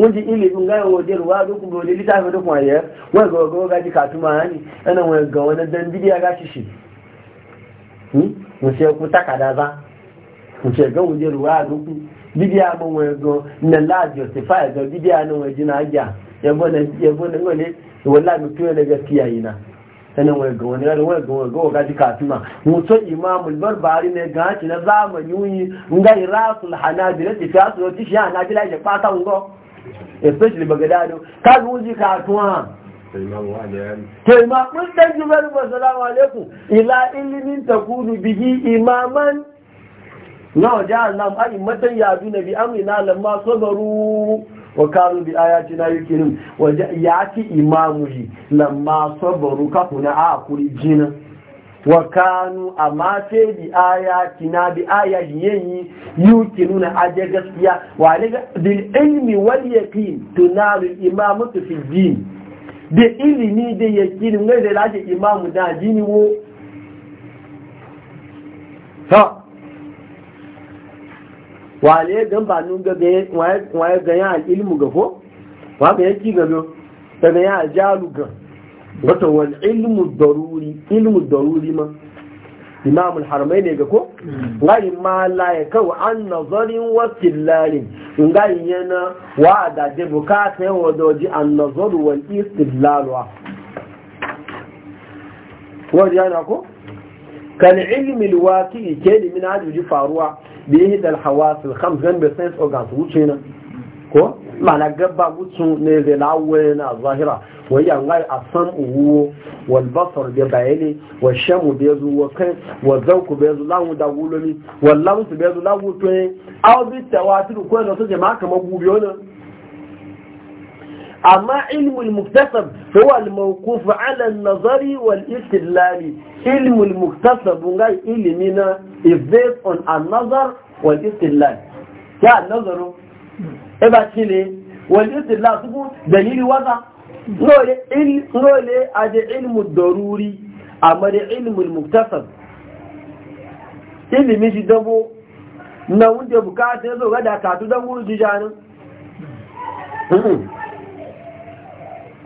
wanda ilimin gaya waje ruwa duk dole littafi duk waye wai ga ga gaji katu ma hani ana wai ga wani dan bidiya gashi shi mu sai ku takada za mu ga waje ruwa duk bidiya mun wai ga na la justify ga bidiya nan waje na ya bona ya bona ngole wallahi mutuwa da gaskiya sanin wani ga wani wani ga wani ga wani ma mutu imamul barbari ne ga hanci na zamani yi nga irasul hanabila ti fi asu ti shi hanabila ya fata ngo especially bagadado ka zuji katuwa Taima kun dan jubar ba salamu alaikum ila ilimin takunu bihi imaman na wajen Allah ma'aimatan yadu na bi amina lamma sabaru wa kanu bi ayati na yukinun wa yati imamuhi lamma sabaru kafuna akuri jina wa kanu amma sai bi ayati na bi ayati yayi na aje gaskiya wa daga bil ilmi wal yaqin tunalu tu fi din da ilimi da yakinu ne da laje imamu da jini wo ta wale gan ba nun ga gaye waye ga ya ilmu ga fo wa ga yaki ga zo daga ya jalu ga wato wal ilmu daruri ilmu daruri ma imam al haramain ne ga ko mm. ngai ma la ya an nazarin wa tillalin ngai yana wa da de bukata ya wadoji an nazaru wal istidlal wa wa yana ko kan ilmi al waqi ke min hadu faruwa da yi dal hawasul khams gan bai sense organs wuce na ko mana gaba wucin ne zai lawo na zahira wai yangar a san uwo wal basar da bayani wa shamu da yazo wa kai wa zauku bai yazo lawo da gulomi wal lamsu da yazo lawo to ne aw bi tawatir ko na so jama'a kamar gubiyo ne amma ilmul muktasab huwa al-mawquf ala an-nazari wal istidlal ilmul muktasab ga ilimi na is based on an-nazar wal istidlal ya an-nazaru e kile wal istidlal su dalili waza nole il nole ade ilmu daruri amma da ilmul muktasab ilimi shi dabo na wunde bukata yazo ga da katu dan wuri jijanin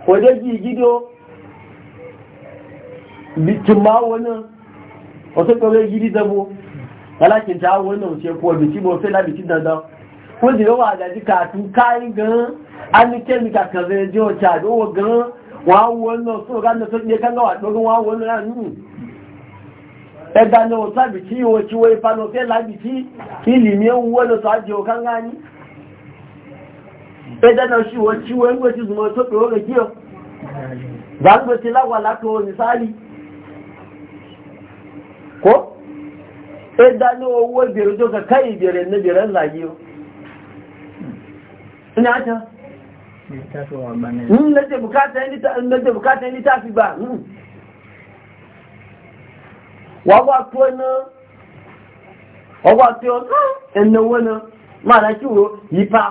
wadda ji gido bikin ma wani wasu kawai gidi zabo alakin ta wani wuce kuwa biki ba sai na biki dandan kun ji yawa da jika tun kayan gan an ni kemi ka kaze ji o ta gan wa so ga na so ne kan gawa dogon na nu e da no ta o ẹjẹ́ náà ṣí wọ́n tí wọ́n ń gbèsè tó pè rẹ̀ kí ọ gbàgbèsè láwà látò òrìsáàlì kó ẹjá ní owó ìbèrè tó kàkà ìbèrè ní ìbèrè ńlá ní àjá lẹ́jẹ̀ bukata ẹni fi náà ọwà tó ẹnà wọ́n náà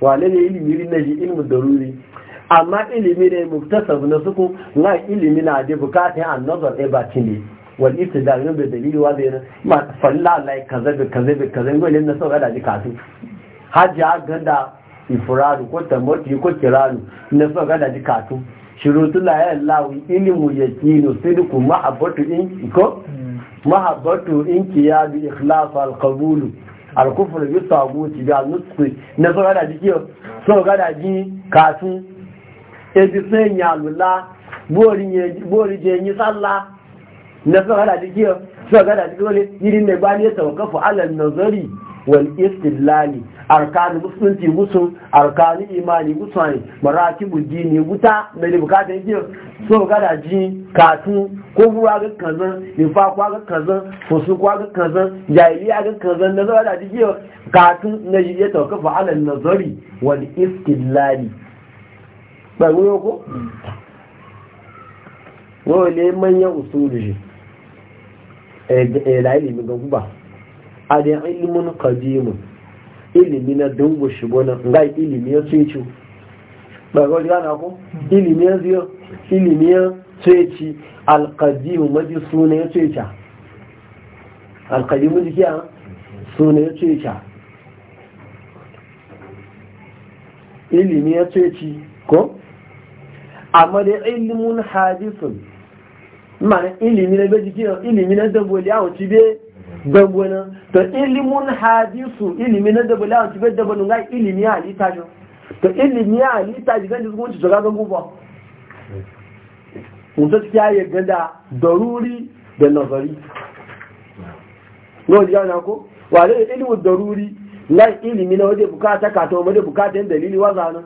wane ne ilimi na shi ilimin daruri amma ilimi ne muktasab na suku na ilimi na da bukatun annazar ibati ne wal istidlal ne da dalili wa zai ma falla lai kaza bi kaza bi kaza ngo ne sauka da ji kasu hajji ganda ifradu ko tamoti ko kiranu na sauka da ji kasu shirutu la yayin lawi ilimu kino sidku mahabbatu in ko hmm. mahabbatu in kiyabi ikhlas al alkufur bi saguti da nutsi na so gada jikiyo so gada ji kasu e bi sen nya lula bori nye bori je ni salla na so gada jikiyo so gada jikiyo ne yiri ne ba ne tawakkufu ala nazari wal istidlali arkanu musulunci gusun arkani imani gusun maraki dini guta na da bukatar yi so gada ji katu ko ruwa ga kazan nifa kwa ga kazan fusu kwa ga kazan jahiliya ga kazan na zaba da ji katu na yi ya tauka fa'alar nazari wal istidlali bai wuyo ko? Wole manyan usulu shi, ila eh, eh, ilimin ga guba. ada ilmun qadimun ilimi na dungu shi ngai ilimi ya tsoyici ba ga gana ko ilimi ya ziyo ilimi ya tsoyici alkadimu maji suna ya alkadimu jiki ya suna ya tsoyica ilimi ya tsoyici ko amma da ilimin hadisun ma'ana ilimi na gajikiyar ilimi na dangoli a wuce bai gbogbo to ilimin hadisu ilimin na dabula a cikin dabulun ga ilimin halitta shi to ilimin halitta shi ganin zukunci shiga gan gufa cikin ya yarda daruri da nazari yau ya na ko wa ilimin daruri na ilimin na bukata ka to bukata yin dalili waza nan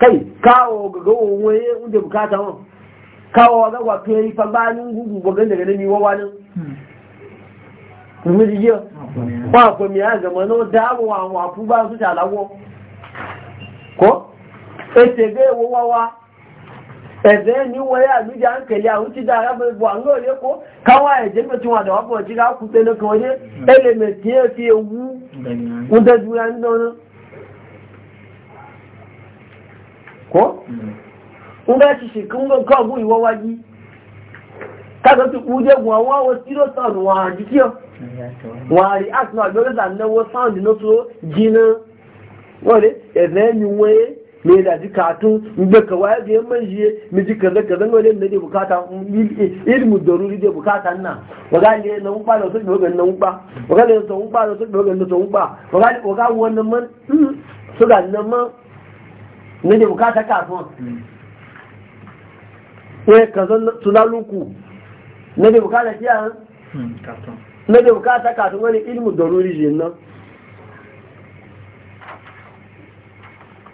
kai kawo ga gawon waye bukata wọn kawo ya yi fa bayan gugu ìmú ti yíò wọ́n àpòmí àgbẹ̀mọ̀ ní ó dáàbò àwọn àpúgbà tó ṣàláwọ́ kọ́ ẹ̀tẹ̀gẹ́ ìwò wáwá ẹ̀fẹ́ ní wọ́n yà lójá ń kẹ̀lẹ̀ àwọn ti dára gbogbo àwọn olóòrẹ́ kó káwà ẹ̀jẹ́ pé tí wọ́n àdàwọ́ pọ̀ tí ká kú pé lókè wọ́n dé ẹlẹ́mẹ̀tì ẹ̀ fi ewu ń tẹ́jú ra ń dáná kọ́ ń bá ṣiṣẹ́ kí ti wàárí àti náà gbẹ́gbẹ́ta náwó sáàndì náà tó jiná wọ́n rí ẹ̀fẹ́ ẹ̀yìn wọ́n yé mai da ji katun da kawai da yamman shi mi ji kaza kaza ne da bukata ilmu daruri dai bukata na waga ne e, na mun ba da su ga nan ba waga ne sun ba da su ga nan sun ba waga waga wannan man su ga nan ne kaza ne na da bukata kafin wani ilmu daruri shi nan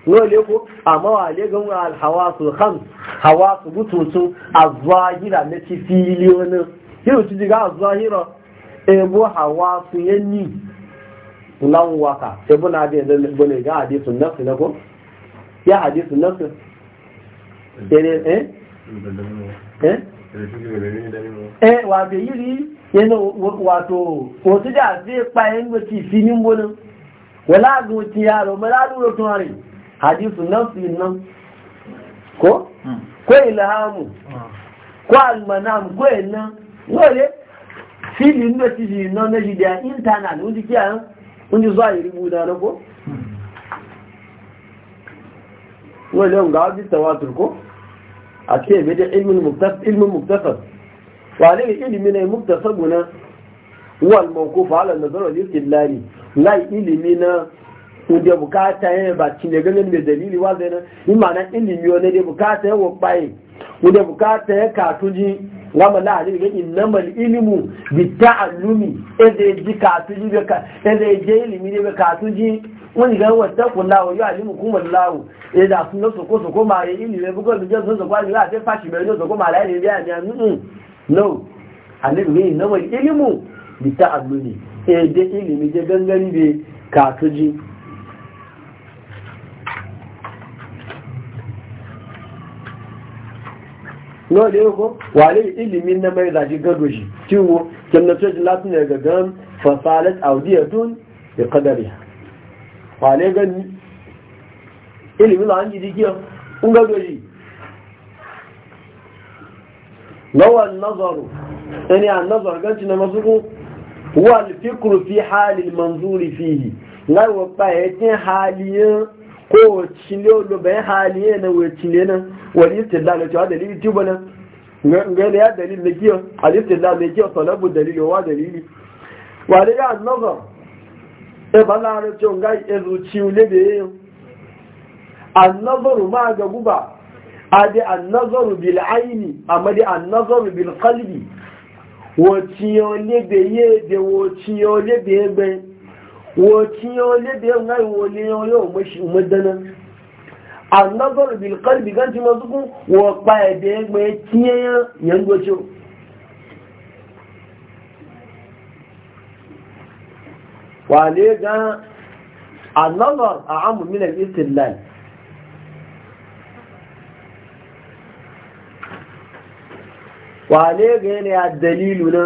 wale ko amma wale ga wani alhawa su ham hawa su bututu a zahira na ci filiyonin yau ci diga a zahira ebo hawa su yanni nan waka sai na da yanzu bane ga hadisun nasu na ko ya hadisun nasu eh, eh? eh? eh wato yiri wato wato zai kwayan wacce finin wani wala zuci yaro mala lura tunari nan su nan ko hmm. ko ilhamu ko almanam ko nan wale filin da ci nan na jidiya intanet wani kiyayen wani zuwa yi rubuta na ko hmm. wale yau a ce mai da ilmin muktasar wane ne ilimi ne muktasar guna wal mawkufa ala nazar wal istidlali lai ilimi na kuje bukata ya ba cinye ganin da dalili wa zai nan yi ma'ana ilimi wani da bukata ya wakpaye kuje bukata ya katuji gama lahadi ga innamal ilimu bi ta'allumi ede ji katuji ede je ilimi ne bi ji. wani ga wata kulawo yóò alimu kún wọn láwò èdè àfúnnà sòkósòkó máa yẹ ìlú rẹ búkọ́ ìjọ sòkósòkó àti láti fàṣì máa láìní rí àmì àmì no alẹ́gbẹ̀ẹ́ ìnáwó ìlímù bìtá àgbèrè èdè ìlìmì gẹ́gẹ́ níbi kàtújí no da yau wale ilimin na shi wale gani ilimin da an ji jikiya un ga gaji lawan nazaru yani an nazar ganci na masu wal fikru fi halil manzuri fihi ngai wa pa yatin haliyan ko cile lo bayan haliyan na wa cile nan wal istidlal ta na? tubana ngai ya dalil ne kiyo al istidlal ne kiyo talabu dalili wa dalili wale ya nazar ẹba láàrin tí ó ń gá ẹzù tí ó lébè yíyàn máa ga guba a dé bil aini a madi annazọrù bil kalbi wọ́tí yọ lébè yéèdè wọ́tí yọ lébè ẹgbẹ́ wọ́tí yọ lébè ńgá ìwọlé yọ yóò mọ́dáná annazọrù bil kalbi gan ti mọ́ sukun wọ́pa ẹ̀dẹ̀ ẹgbẹ́ tíyẹn yẹn gbọ́chọ́ wale ga annazar a amu minan istillal wale ga dalilu na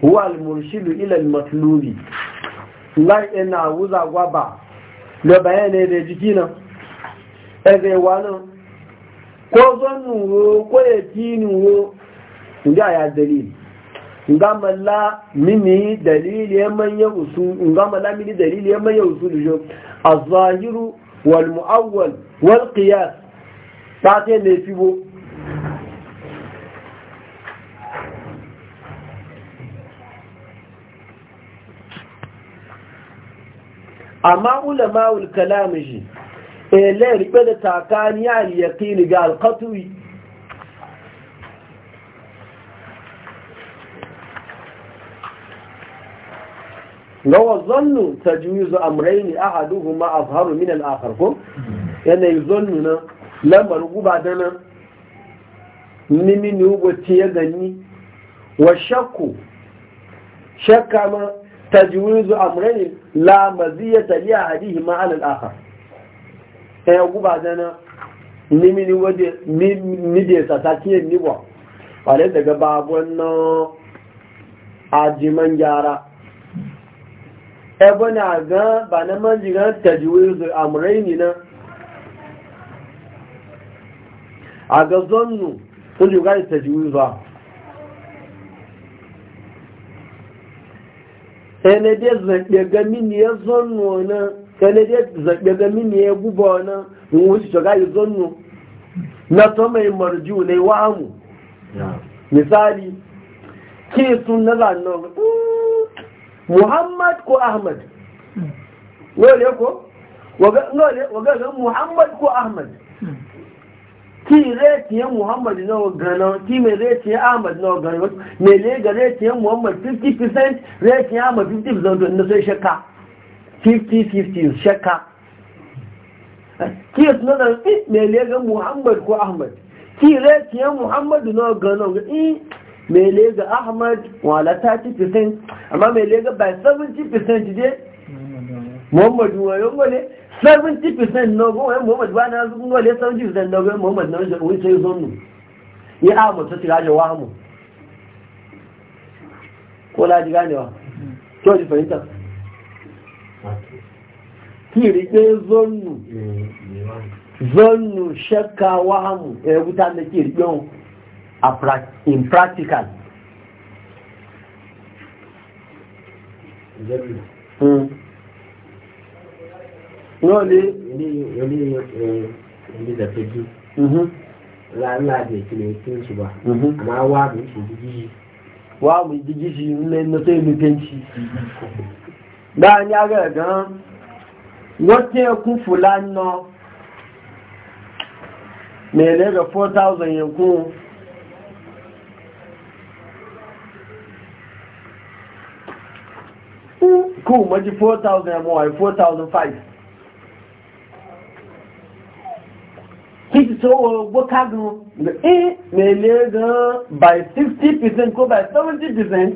huwa al-murshidu ila al-matlubi lai ina wuza gwaba da bayanai da jiki nan ebe wani ko ya dalilu ngamala mini dalili yaman ya usul ngamala mini dalili yaman ya usul jo azahiru wal muawwal wal qiyas ba ta ne fibo amma ulama ul kalam shi ele ribe da takani al yaqin ga al qatwi ga wazannu ta juyizu amraini ahaduhuma azharu min al-akhar ko yana yi yuzannu na lambar guba dana nimi ni ugo tiye gani wa shakku shakka ma tajwizu amrayn la maziyata li ahadihima ala al-akhar eh guba dana nimi ni wode ni de satake ni wa wale daga babon no ajiman gyara ebe na ga ba na manjiran tajwizul amraini nan a ga zonnu sun yi gani tajwiza ene dai zaɓe ga mini ya zonnu nan ene dai zaɓe ga mini ya guba nan in yi na marju ne wa misali ki sun na zanen muhammad ko ahmad Wole ko waga ga muhammad ko ahmad ki retiye muhammad na gano ki me retiye ahmad na gano me le ga retiye muhammad 50% retiye ahmad 50% na sai shakka 50-50 shakka ki yi suna da eh, mai le ga muhammad ko ahmad ki retiye muhammad na gano in eh, mai lega ahmad wala 30% amma mai lega by 70% je muhammadu wayo gole 70% na ogun muhammadu ba na zugun gole 70% na ogun muhammadu na wuce sai zonu ya amu ta tirajen mu ko laji ganewa kyau ji fahimta ki rike zonu eh, zonu shakka wahamu ya eh, wuta da ki rike in practical yóò hmm. lé ní eh, ìdàkejì láàrín ìkìlẹ̀ tí ó ṣùgbà àmá wà mú ìṣòjìjì yìí wà mú ìjìjì sí ilẹ̀ tó ìlú pẹ́ntì dáa ní ààrẹ gan wọ́n tí ẹkún fòlá náà mẹ́lẹ́rẹ̀ 4,000 kú mọ́ jí 4,000 ẹmọ wà 4,500 kí ti tó ogbó kágun ní mẹ́lẹ́ gan by 60% kó by 70%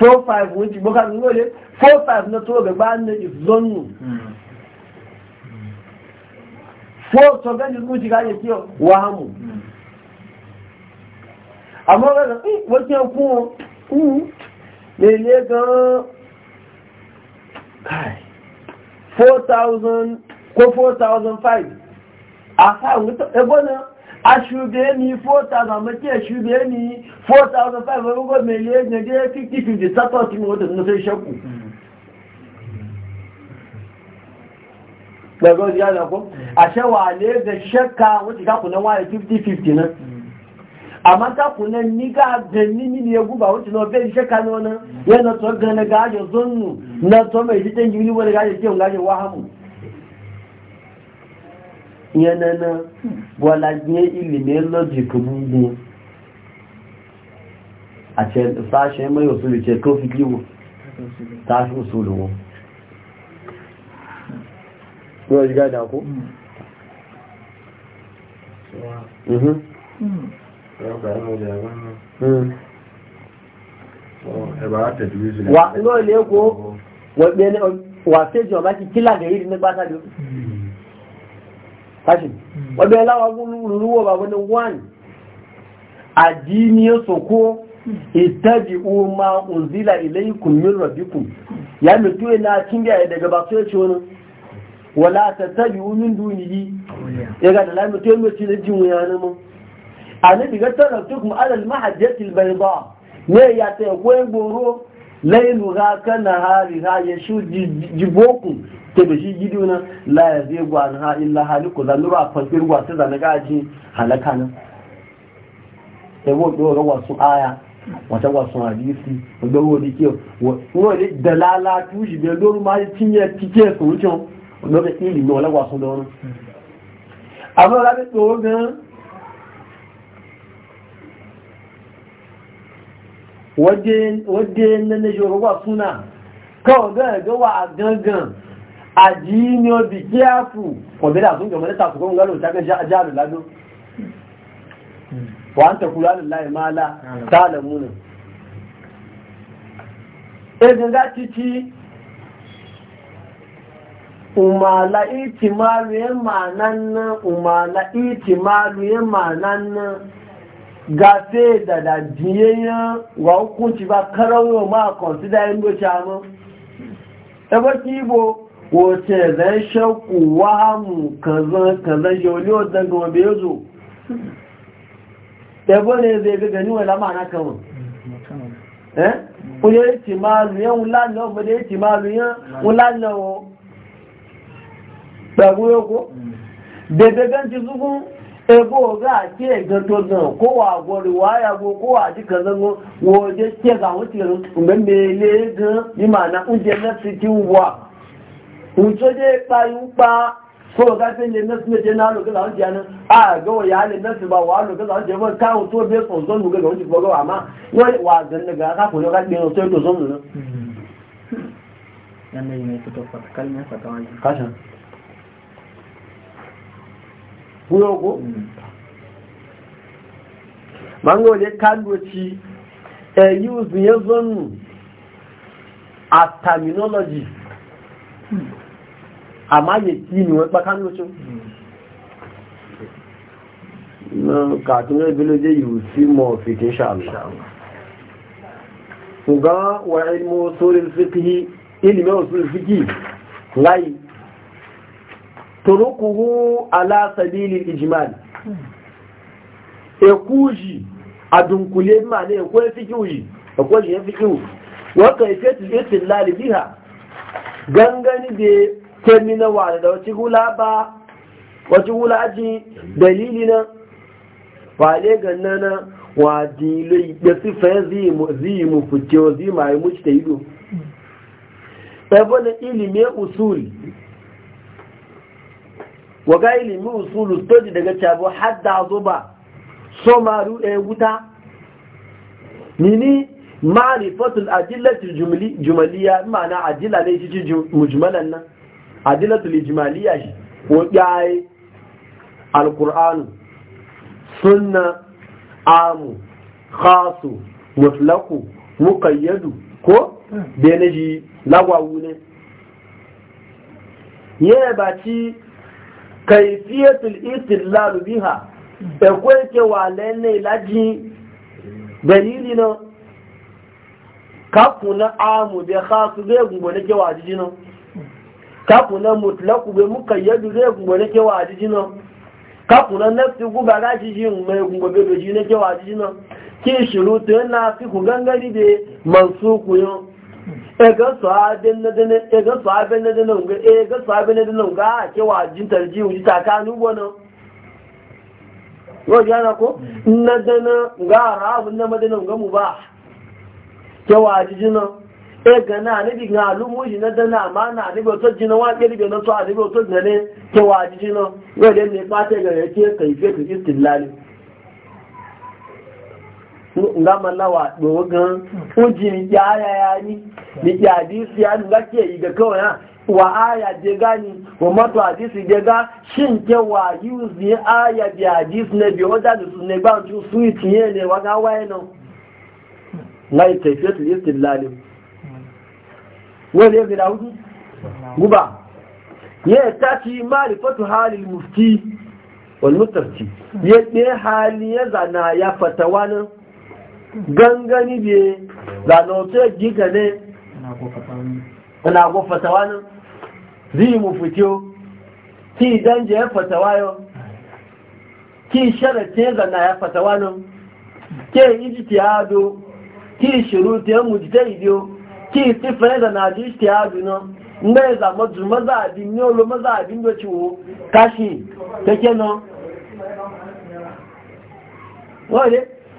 4,500 wọ́n ti gbó kágun ní olè 4,500 náà tó rẹ̀ bá ní ìzọ́nù fọ́ sọ̀gẹ́jì ló ti káyẹ̀ tí wà á mú àmọ́ rẹ̀ wọ́n tí ó kún ọ́ mẹ́lẹ́ gan ko 4,005 a sa'in wuta ebonin a shugbe ni 4,000 maki a shugbe ni 4,005 rugo mele na je 50-50 sato ti mi wata nufin shakku gbogbo ya na mm. a shawa ne da shakka wata kakunan waye 50-50 nan amma ta kuna ni ga ganni ni ne guba wuce na bai shi kano nan yana to gana ga ya zonnu na to mai jitan gini wani ga ya kiyon ga wahamu yana na wala ne ilimin logic a ce mai ce kiwo ta mu da wọ́n hmm. lè kó wà fẹ́jọ bá ti kílà gẹ̀rí ní gbátà ló fashion wọ́n bẹ̀rẹ̀ láwọn gúnrúwọ́ bàbá ní wọ́n àdíniyàn hmm. ìtẹ́jì ọmọ òzílà ilẹ̀ ikùn mìíràn bíkù ya mẹ́tú ẹ̀ náà kí ní annabi ga taraktukum ala al-mahajjati al-bayda ne ya ta gwen goro lailu ga kana hari ha ya shu jiboku ta da shi gidona la ya zai gwan ha illa haliku zanu ba fasir gwa ta zanu gaji halaka nan sai wo do ga wasu aya wata wasu hadisi da wo di ke wo di dalala tuji be do ma tinye cike su wucin do be wani no la wasu do amma la be to ga wadda na na yoruba suna kawo gana gawa a gangan a ji ni o bi kí á fù ọ̀bẹ̀ dà tún lẹ́ta fùkọ́ ngálò ìtàkẹ́ jáàlù lágbó hmm. wà ń tẹ̀kù hmm. umala itimalu umala itimalu gafe da da jiyayya wa hukunci ba karawo ma a consider yin doce amin ebe kibo wace zai shakku wahamu kaza yoli wadda gama bai zo ebe ne zai ga gani wala ma'ana kama eh kuje ya ci malu yan wulanawa ba da ya ci malu yan wulanawa ɗagu yau ko daga mm. ganci zugun ebo ga ke gato ko wa waya go ko ji ka zango wo je ke ga wuti ru mbe mele ga ni mana u je na ti ti wa u to je pa yu pa ko ga se le na se na lo ga la ja na a go ya le na ba wa lo ga la je ba ka u to be so so nu ga lo ji bogo ama wo wa ga na ga ka ko lo ga de to so na to fa fa ta ka kuyoko mangole kandochi e use yezon as terminology amaye kini wọ́n pa kandocho no katun ebiloje you see more of inshallah ga wa ilmu usul al-fiqh ilmi usul al-fiqh ngai turukuhu ala sabili ijmal ekuji adunkule ma ne ko fikiwi ko je fikiwi wa kayfatul istilal biha gangani de termina wa da wati gula ba wati gula aji dalili na wale gannana wa dilai da sifa zi mu zi mu fitiyo zi mai mujtahidu ebe na ilimi usul wa ilimi usulu stodi daga cabo hadda zuba so maru ɗaya wuta nini ma'rifatul adillatul jumaliya ma'ana adilla ne shi mujmalan nan adillatul ijmaliya shi ko yayi alqur'anu sunna amu khasu mutlaqu muqayyadu ko da ne ji lagwawu ne ba ci kaifiyatul istilal biha kwai ke wale ne laji dalili na kafu na amu da khasu zai gungo na ke wajiji na kafu na mutlaku bai yadu zai gungo na ke wajiji na kafu na nafsi guba gashi shi mai gungo bai doji na ke wajiji na ki shirutu yana fi ku gangari da mansu ku yau ga sahabin na dana ga sahabin na dana ga eh ga na dana ga ke wa jin tarji uji takanu bono yo jana ko na dana ga na madana ga mu ba ke wa jina e ga na ne bi ga lu mu na dana ma na ne ba to jina wa ke bi na to a ne ba to ne ke wa jina yo le ne ba te ga ke kai fe ku istilali ngama lawa do gan fuji ni jaya ya ni ni jadi si an gake iga kawai ha wa aya je gani wa mato hadisi je ga shin ke wa yuzi aya bi hadis ne bi oda du su ne ba ju su itiye ne wa ga wa eno lai kayfiyatu istidlal wani yake da hudu guba ya tafi marifatu halil mufti wal mutarti ya hali ya zana ya fatawa nan gangani biye da na otu gika ne na agwa fatawa nan zai mu fito ki dan je fatawa yo ki sharace ga na ya fatawa nan ke ijtihadu ki shurute idiyo ki sifre da na ijtihadu nan ne za mazu mazabin maza mazabin da ciwo kashi take nan wale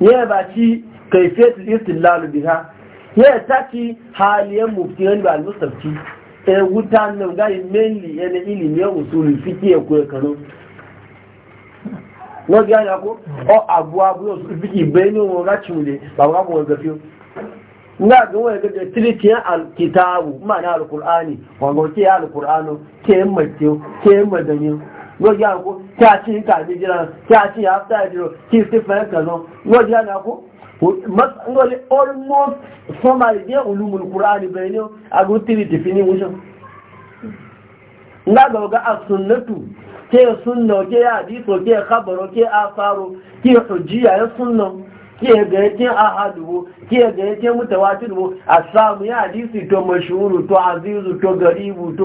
ya ba ci kaifiyat istilalu biha ya ta ci haliyan mufti wani ba al-mustafti e wuta nan ga mainly yana ilimi ya usul fiqi ya koyi kano wọ́n gẹ́ àyàkó ọ abu bí ó fi ìgbẹ́ ní wọn ga chule ba ga wọ́n ga fiyo na ga wani daga tilikin alkitabu ma'ana alkur'ani wanda ke alkur'ano ke mace ke madani wọ́n yá àkó tí a ti ń kà ní tí a ti yà áfítà ìdúró kí n sì fẹ́ kàn lọ wọ́n yá ní àkó wọ́n lè almost formally jẹ́ olùmùlùkúrá ní ní agbó tìrì tìfi ní wúṣọ. kí ẹ súnnà kí ẹ àdìsọ kí ẹ tí a ha dùbò tí mùtẹ̀wá tìdùbò àsáàmù yá tó mọ̀ṣúrù tó tó garibu tó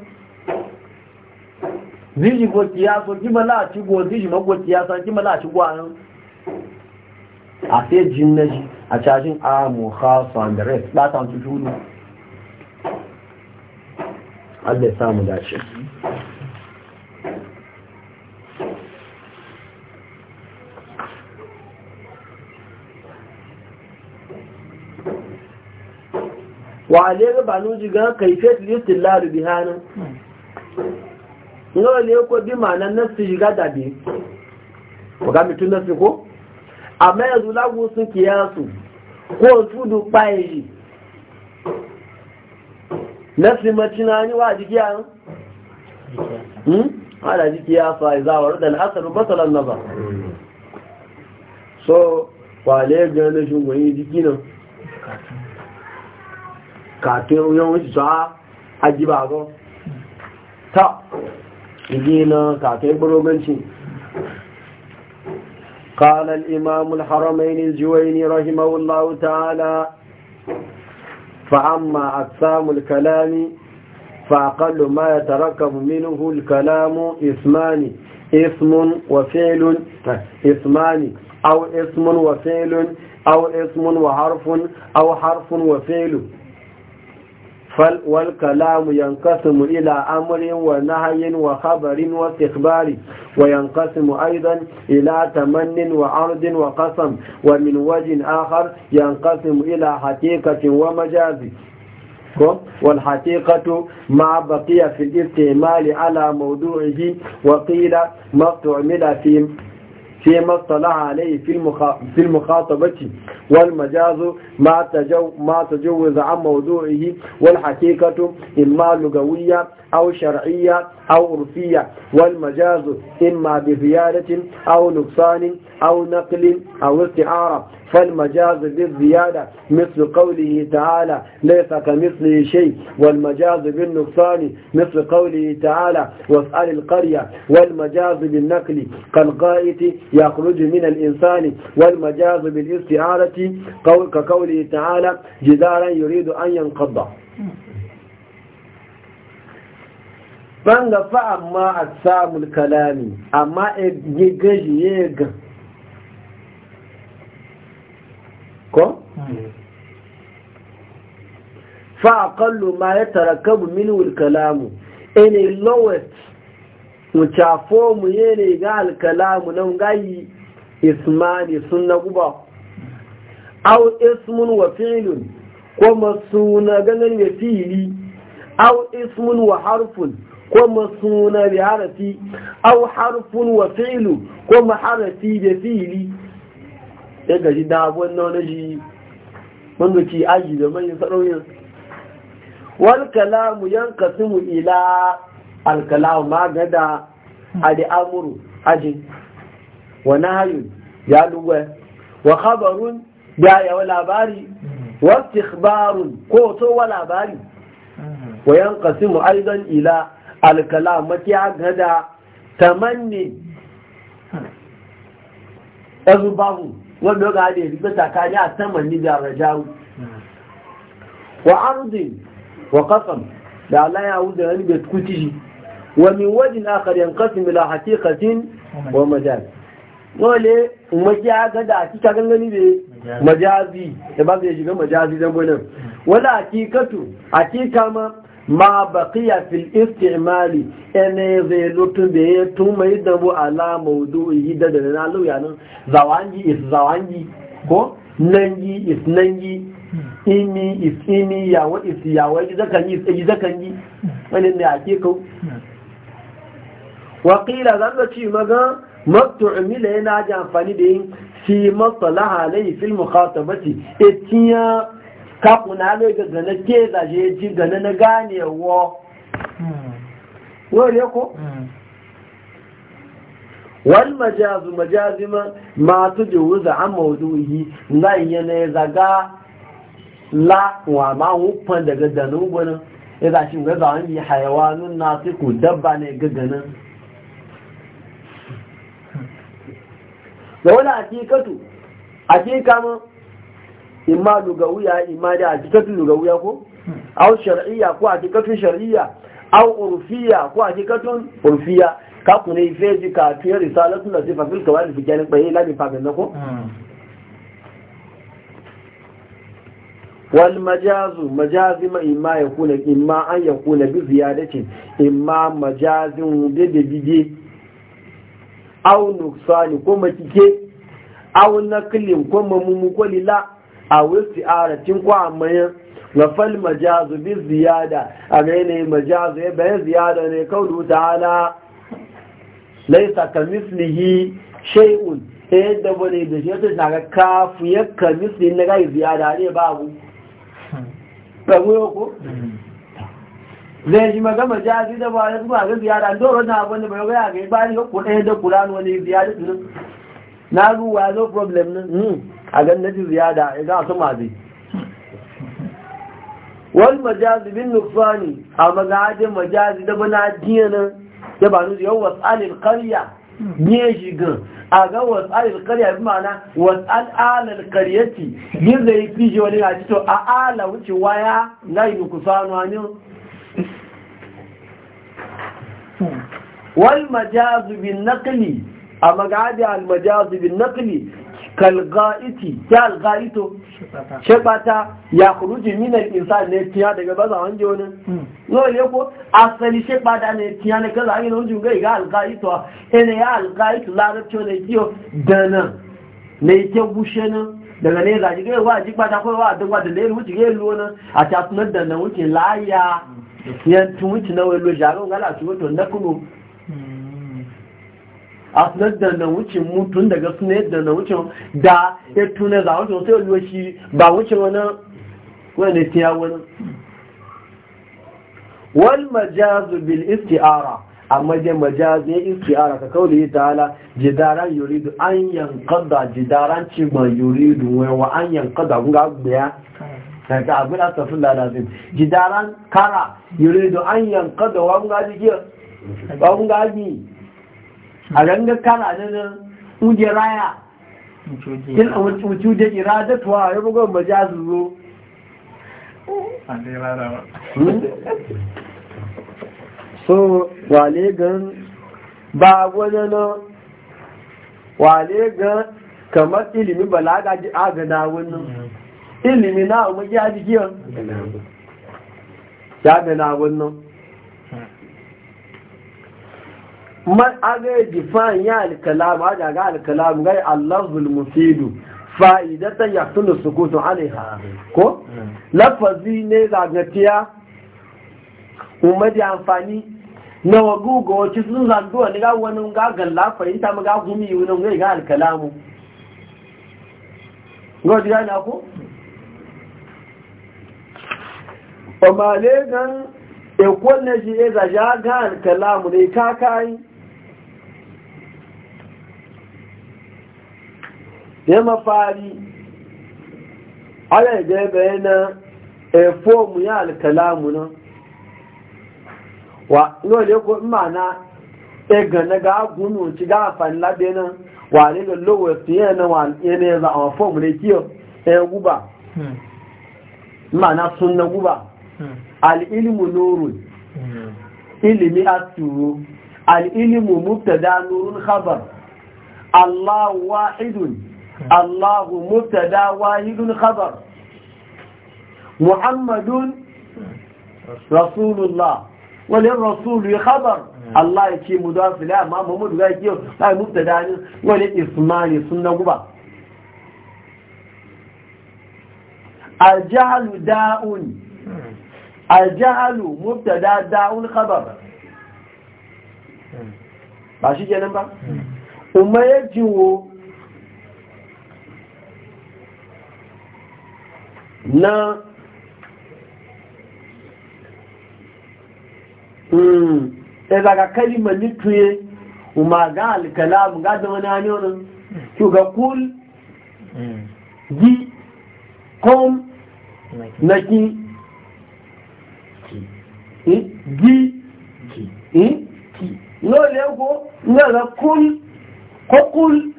ziji ko kiyaso kima la ci go ziji ma kiyasa kima la ci go a sai jin na ji a cajin amu khasu and the rest ba ta tutu ne Allah ya samu dace wa alayhi banu jiga listin listillah bihanan nawa ne ko bi ma na nasu shiga da bi ko ga mutun nasu ko amma yanzu lagu kiyasu ko tudu payi nasu macina ni wa jiki an hmm ala jiki ya fa iza warda al-asr so kwale na ta يجينا كاتب بروغنشي قال الإمام الحرمين الجويني رحمه الله تعالى فأما أقسام الكلام فأقل ما يتركب منه الكلام اسمان اسم وفعل اسمان أو اسم وفعل أو اسم وحرف أو حرف وفعل والكلام ينقسم إلى أمر ونهي وخبر واستخبار وينقسم أيضا إلى تمن وعرض وقسم ومن وجه آخر ينقسم إلى حقيقة ومجاز والحقيقة ما بقي في الاستعمال على موضوعه وقيل ما استعمل في في مصطلع عليه في المخ... في المخاطبة والمجاز ما تجو ما تجوز عن موضوعه والحقيقة إما لغوية أو شرعية أو عرفية والمجاز إما بزيادة أو نقصان أو نقل أو استعارة فالمجاز بالزيادة مثل قوله تعالى ليس كمثله شيء والمجاز بالنقصان مثل قوله تعالى واسأل القرية والمجاز بالنقل كالغائط يخرج من الإنسان والمجاز بالاستعارة كقوله تعالى جدارا يريد أن ينقضى banga fa amma a samun kalami amma e yi gaji ya gan ko? fa a kallo ma ya tarakabu minuwar kalamu any lowest mucafo mu ya ne ga alkalamu nan gayi ismani sun na guba au ismun wa filin kuma suna ganin ya fili au ismun wa harfun ko masuna bi harafi aw harfun wa fi'lu ko ma maharafi da fi'li ya gaji da wannan na ji wanda ci aji da manyan sarauyin wal kalamu yankasimu ila al kalamu magada ali amuru ajin wa nahyun ya lugwa wa khabarun ya ya labari wa istikhbarun ko to wa labari wa yankasimu aidan ila alkala ya gada tamanni ɗazu babu wanda ga da ribe tsakani a tamanni da rajawu wa arzin wa kasan da alayawu da wani bai kuti wa min wajin akar yankasin ila hakikatin wa majal wale ya gada a cikin gangani bai majazi da ba zai shiga majazi don wani wala hakikatu hakika ma ma baqiya fil istimali ene zai lutun da ya tuma yadda bu ala mawdu'i da da na lauya nan zawangi is zawangi ko nangi is nangi imi is imi yawa is yawa yi zakan yi is zakan yi wani ne ake kau wa qila zan da ci maga maktu'mila yana ji amfani da yin fi maslaha alayhi fil mukhatabati etiya kakuna lo ga gane ke je ji gane na gane wo yau ko wal majaz majazima ma tujuza an yi, nan yana zaga la wa ma hufan daga danin gwanin ya za shi ga zawon yi su ku dabba ne gaganin da wani hakikatu hakika mun imma lugawiya imma da hakikatun lugawiya ko aw shar'iyya ko hakikatun shar'iyya aw urfiyya ko hakikatun urfiyya ka ku ne feji ka fiye risalatu na sifa fil kawai fi kyanin bayi la bi na ko hmm. wal majazu majazi ma imma ya kuna imma an ya kuna bi ziyadatin imma majazin da da bige aw nuksani ko makike aw naklin ko mamumu ko lila a wusti aratin kwa mayan gafal majazu bi ziyada a ga majazu ya bayan ziyada ne kawo ta'ala laisa ka mislihi shay'un eh da bane da shi ta ga kafu ya ka na gaya ziyada ne babu babu ko zai shi maga majazi da ba ya zuwa ga ziyada doron na abin da bai ga ga ba ni ko ɗaya da Qur'ani wani ziyada na ruwa no problem ne a gannatin ziyada ya ga su mazi wani majazi bin nufani a magajin majazi da bana diyana ya ba nu yau karya biye ne gan a ga wasalil karya bi ma'ana wasal alal qaryati yin da fi shi wani a to a ala wuce waya na yi kusanu anin Wani majazi bin naqli a magajin al majazi bin naqli kalga'iti ya alga'ito shekata ya kuruji mina insa ne tiya daga baza wanje wani no ne ko asali shekata ne tiya ne kaza an yi nojin gai ga alga'ito ene ya alga'ito larabci ne kiyo dana ne ike bushe nan daga ne zaji ga wa ji kwata kawai wa duk wata da ya wuce yi luwa a sunar da na wuce laya yan tun wuce na wani lo jaron gala su wato na kuma asinar da na e wucin mutum daga suna yadda na wucin da ya tuna za wucin sai wani shi ba wucin wani wani tiya wani wal majazu bil isti'ara amma dai majazu ya isti'ara ka ta hala. jidaran yuridu an yankada. jidaran ci ma yuridu wa an yankada. kun ga gbaya abu da tafi lalazin jidaran kara yuridu an yankada. wa kun ga jiya wa kun ga a ganga kana nan ƙungiyar raya kin wuce da iradatuwa ya bugon majazu zo hmm? so wale gan ba wani na wale gan kamar ilimin balaga a agana wannan hmm. ilimin na umar ya ji ya gana wannan man aga difan ya alkalam aga ga alkalam gai allahul musidu fa'idatan yaqtulu sukutu alaiha ko hmm. lafazi ne zagatiya umadi amfani na wagu ga wacce sun zanduwa ni ga wani ga lafarin ta mu ga gumi wani gai ga alkalamu gwaji gani ako? omale gan ekwan na shi ya zaja ga alkalamu ne kakayi ya mafari ala da bayana e form ya alkalamu nan wa no le ko mana e gana ga gunu ci ga fan labe nan wa le lo lowe fiye na wa ne za a form ne kiyo e guba hmm. mana sunna guba hmm. al ilmu nurun hmm. ilimi aturu al ilmu mubtada nurun khabar Allah wahidun Allahu mubtada wahidun khabar Muhammadun Rasulullah wani rasulu ya khabar Allah ya ce mudafi la amma Muhammadu ga kiyo sai mubtada ne guba الجهل داء الجهل مبتدا داء خبر ba shi kenan ba hmm. umma na ɗaga hmm, kalimar nituye ma ga alkalamu ga zama na su ga kul ji kom na ki ji lole ko ga kul ko kul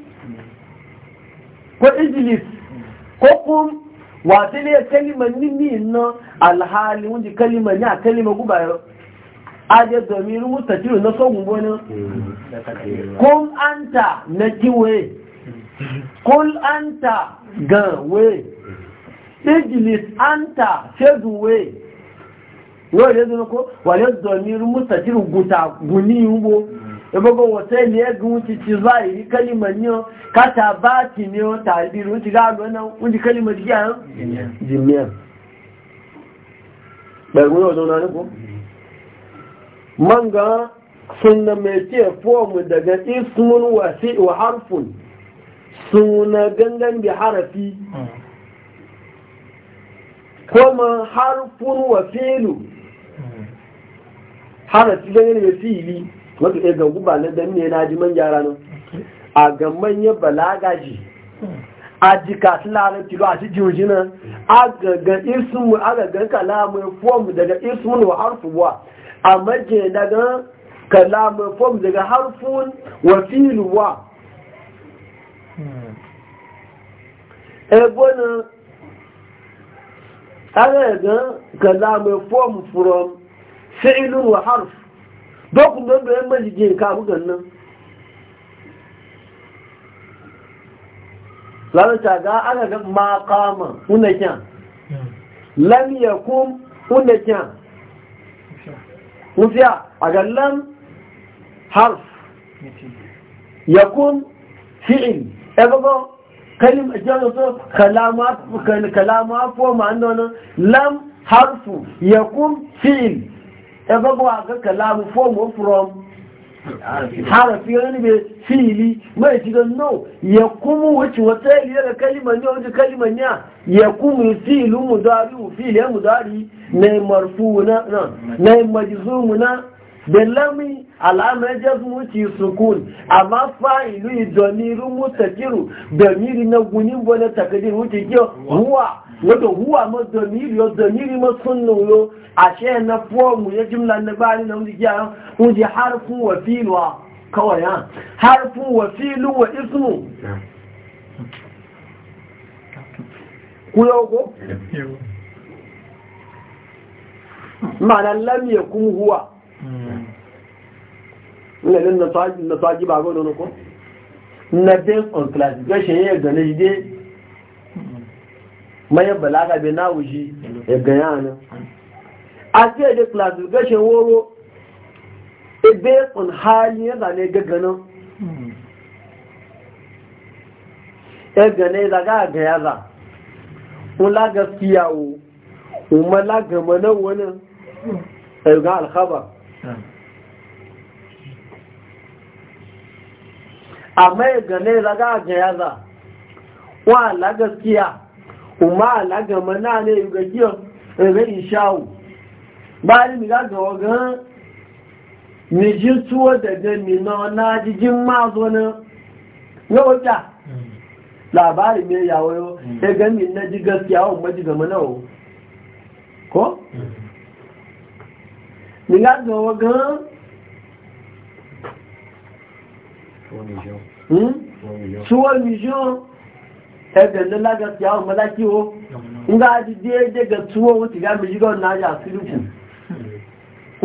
ko ijilis ko kum wato ne kalimar nini na alhali wunji kalima ya kalimar guba yau aje domin mutafiru na sogun ne. kun anta na kiwe kun anta ga we ijilis anta shedu we yau ne zuwa ko wale domin mutafiru guta guni yubo ebogo wata ne eh? ya ga wuce ci zahiri kalimar ba ti ne yau tarihi wuce ga ga wannan wuce kalimar jiya yau jimiyar ɗargu yau zauna ne ko man mai daga ismun wasi wa harfun suna gangan harafi kuma harfun wa filu hmm. harafi gangan fili wata ɗaya ga guba na dan ne na ji man gyara nan a ga ya balaga ji a ji kasu lalar tilo a cikin jirgi nan a ga ismu a ga gan kalamun fom daga ismun wa harfuwa a maje daga kalamun fom daga harfun wa filuwa ebonin a ga gan kalamun fom from fi'ilun wa harfu dokun don doyen majijin kamu gannan lalata ga ana ga makama unakin lam yakum unakin mufiya a ga lam harf yakum fi'il ebogo kalim ajiyar so kalama fo ma'anonin lam harfu yakum fi'il ẹgbẹ́gbọ́ akẹ́kẹ̀láàmù fọ́ọ̀mù from harafi wani mai fili mai cikin no ya kuma wuce wata iliya da kalimar ne wajen kalimar ya ya kumu filu mudari fili ya mudari na marfu na na majizu na da lami alamar jazmuci sukun amma fa'ilu idoniru mutakiru domiri na gunin bane takadir wuce ke huwa wato huwa ma domiri yo domiri ma sunnu yo ashe na fomu ya jumla na bani na wuce kiyan wuce harfin wa filwa kawai ha harfin wa filu wa ismu kuyogo ma'anar lam yakun huwa nílẹ̀ lọ́tọ́ ajíbà gọ́dọ̀ nukọ́ na based on classification yẹ gane jide mayan balaga bai na wuji e ya gane ana a ce da classification woro e based on hali ya zane gaggana ya e gane zaga ga ya za wula gaskiya wo umar lagamana wani ga alkhabar amma ya gane raga ga yaza wa la gaskiya kuma la ga mana ne ga giyo ga eh, ishawu ba mi ga ga waga ji tuwo da ga mi na na jijin ma zo na na wata labari me yawo ya mm. eh, ga mi na ji gaskiya wa ma ji ga mana ko mm. nígbà tó wọ́n gan-an. a mission ẹgbẹ̀ ló lájọ tí àwọn mọ́lájí ó ń gá ti déédé gẹ̀ túwó ó ti gá méjì gọ́ náà yà sílùkù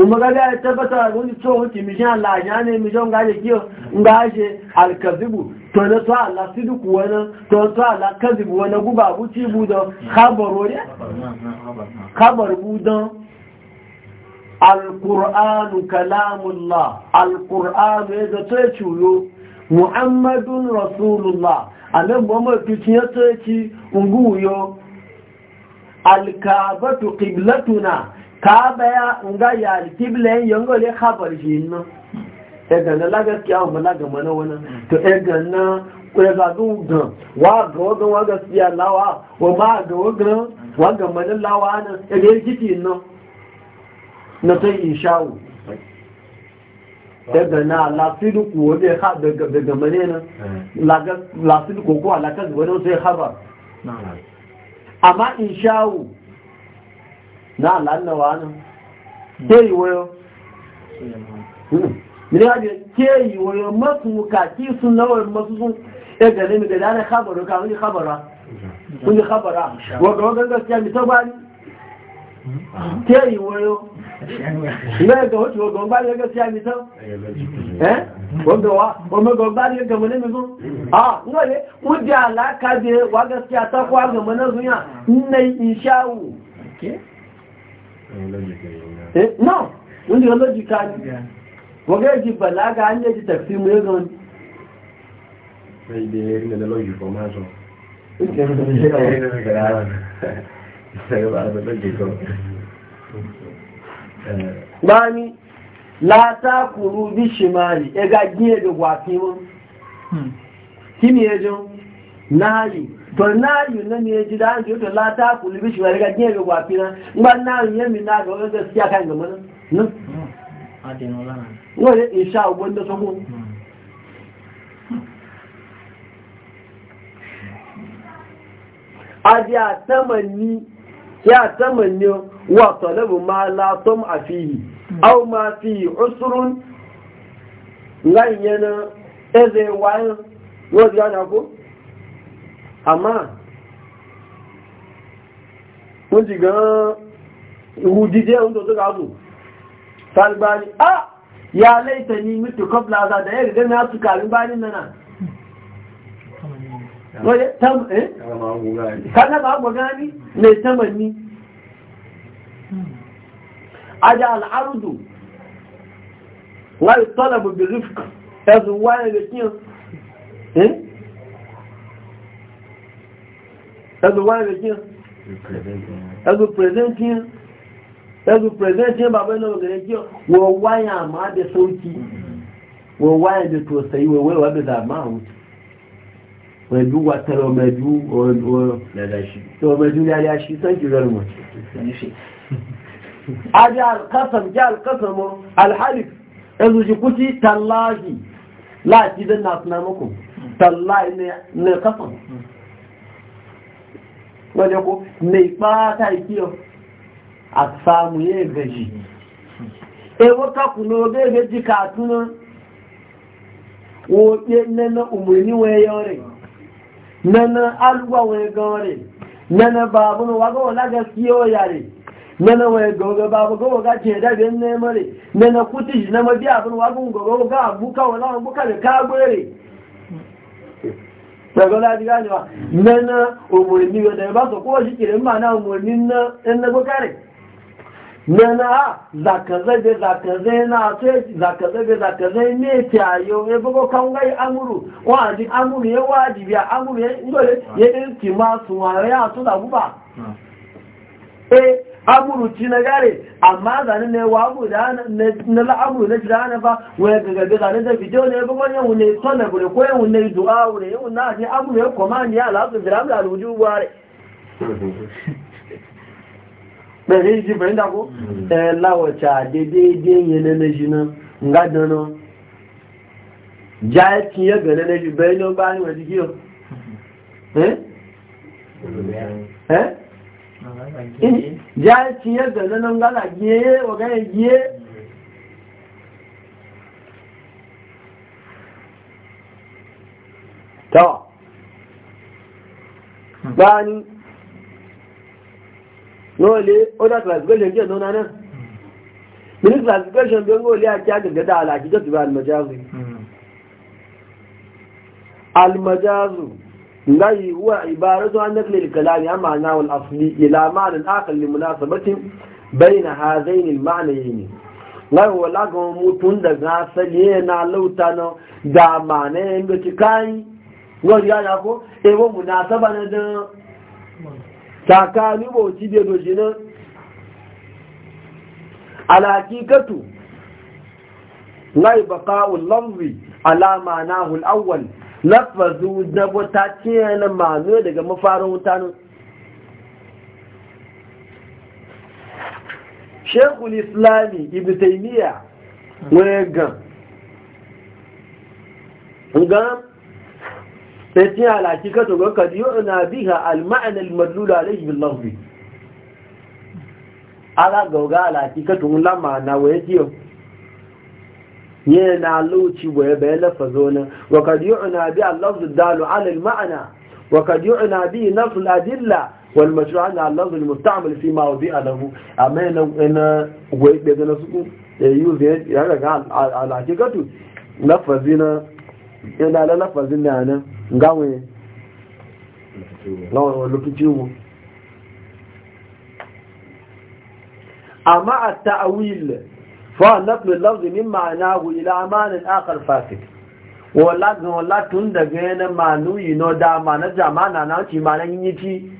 òmọ́gẹ́gẹ́ tẹ́bẹ́tọ̀ àgbóní tó ó ti mission aláàjá ní mission gáyé kí o ń gá to alkazibu tọ́nà tó àlá sílùkù wọnà tọ́nà tó àlá kazibu wọnà gúbà bú tí ibùdó kábọ̀rọ̀ alƙur'anu kalamullah alƙur'anu ya zato ya cuyo muhammadun rasulullah a nan mamarkicin ya tsoci unguyo alkabatu ƙiblatuna ka baya ya alkiblayen yango shi nan na lagaskiya wa malagama na wani to ẹgbẹ̀ na gan wa ga na ta isha'u daga na lafili kuwa ha daga mane nan lafili ko kuwa lakas wani sai haba amma isha'u na lannawa nan ke yi wayo mini haɗe hmm. ke yi wayo masu kaki sun nawar masu sun ya gane mi gada na habaru ka wani habara wani habara wadda wadda gaskiya mi ta bani hmm. ke yi wayo ilé ẹ̀kọ́ ó ti wọ́n gbá yẹ́gẹ́ sí àmì tán ẹ́ ọmọgbọ̀gbá yẹ́gẹ́ mọ́ lẹ́mí fún ah níwọ̀lẹ́ ó jẹ́ àlákàdé wágẹ́ sí àtàkọ́ àgbẹ̀mọ́ náà fún yà ní ìṣáwù náà ó ní ọlọ́jìká ní wọ́gẹ́ ti bàlága á ní bani la kuru bi shimali e ga giye hmm. kimi ejo nali to nali na ne ji da anjo to kuru shimali e ga giye da gwafi na mba nali yemi na ga e ga siya kan ga mun no adeno lana ngore insha e ubon da so ya tamanni wa talabu ma la tum afihi aw ma fi usrun ngan yana eze wayo wodi ana ko amma mun ji ga wudi je on do ga zu talbani ah, ya laita ni mutu kabla za da ya ga na su kalin bani nana Eh? kana ba mu gani ne tamanni aja al'ardu wa talabu bi rifq tazu wa ne kin eh tazu wa ne kin tazu presenting tazu presenting baba no ga ne kin wo waya ma da sauki wo waya da to sai wo waya da ma hutu mẹ́jú wàtẹ́rọ mẹ́jú ọmọdún lẹ́lẹ́ ṣí thank you very much ajá alkasam jẹ́ alkasamọ́ alhalif ẹzù jikú sí tàláàjì láti dán na suna mọ́kù tàláàjì e na kasam wọ́n jẹ́ kó na ipáta ikíọ àtàmù yẹ́ gẹ̀ẹ́jì ewọ́ kakùnà ọgẹ́ ìgbẹ́jì kàtúnà wọ́n yẹ́ nẹ́nà nana aluwa wani gawari nana babu na waga wala gaskiyo yare nana wani gawa babu gawa ga ce da biyan na mare nana kuti na mabi abin ga abuka wala abuka da kagwere ka ladi ganewa nana umarni da ba su kowa shi kirin na umarni na ɗan na nana zakazabe zakazabe na ce zakazabe zakazabe ne tiyayo e e e ya bugo kan gai amuru waji amuru ya wajibi ya amuru ya dole ya dinki ma su ma ya su da guba eh amuru ci na gare amma zanin ne wa na la amuru na jira na ba waya ga gabe zanin da bidiyo ne bugo ne wune tona gure wune du'a wune ya komani ya la bẹ̀rẹ̀ yìí jìbẹ̀ nígbàkó hmm. ẹ láwọ̀chà yẹn lẹ́lẹ́jì náà ńgá dáná já ẹ kí yẹ ọrụ lẹ́lẹ́jì bẹ̀rẹ̀ ní ọgbà hmm. hmm. ní ọdí kí ọ báyìí lọ́wọ́ lé order classification jẹ́ ìdánwò náà mini classification bí ó ń gò lé àti àgbẹ̀gbẹ̀dá ti bá alìmọ̀jáàzù alìmọ̀jáàzù láyé wà ìbára tó annakle ìkàlá ni a máa náà wọn da ga lauta na da ma wani ko munasaba na tsakanin bauchi da doshi nan alakikatu ngai baka'ul lamzi ala ma'anahu al-awwal lafazu da bata ciyana daga mafarin wutanin shekul islami ibn taymiya wani gan gan sai ala kika to ga kadi yana biha al ma'ana al madlul alayhi bil lafz ala gauga ala kika to la ma'ana waye tiyo yana luci waye bai lafazo nan wa kadi yana bi al lafz dalu ala al ma'ana wa kadi yana bi nafs al adilla wal mashru' ala al lafz al fi ma wadi'a lahu amma yana waye daga nasu yuzi eh, ya ga ala kika to lafazina yana da lafazin na nan gawon gawon lokaci mu amma a ta'awil fa nafnu lafzi min ma'anahu ila amanin akar fasik wala ga wala tun daga yana manu yi no da mana jamana na ci mana yi ci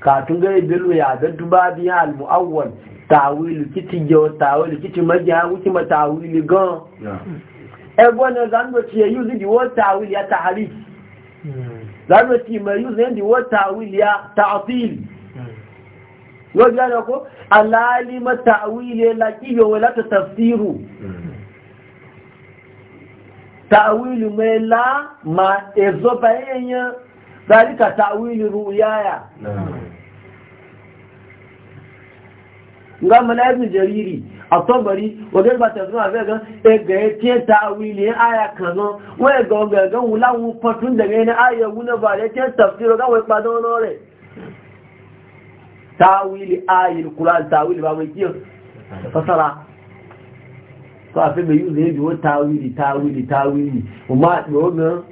ka tun ga bilu ya da duba biya al muawwal ta'awil kiti yo ta'awil kiti magiya wuki ma ta'awil gan ẹgbọ́n náà zanúròtí ẹ̀ yúzi di wọ́n ta àwìlì ya tààrí zanúròtí yúzi ẹ̀ di wọ́n ta àwìlì ya tààfíìlì yóò jẹ́ aláàlímọ̀ ta àwìlì láti yọ̀wọ̀ láti tafsiru ta àwìlì mẹ́ ma ẹ̀zọ́ bá yẹn yẹn nga mala ibn jariri atobari wadar ba ta zuwa ga e ga yace tawili aya kano wai ga ga ga wula wu daga ne aya wuna e ba da ce tafsiro ga wai padon nore tawili ayil qur'an tawili ba mai kiyo fasara ko afi mai yuzu ne biyo tawili tawili tawili kuma dogo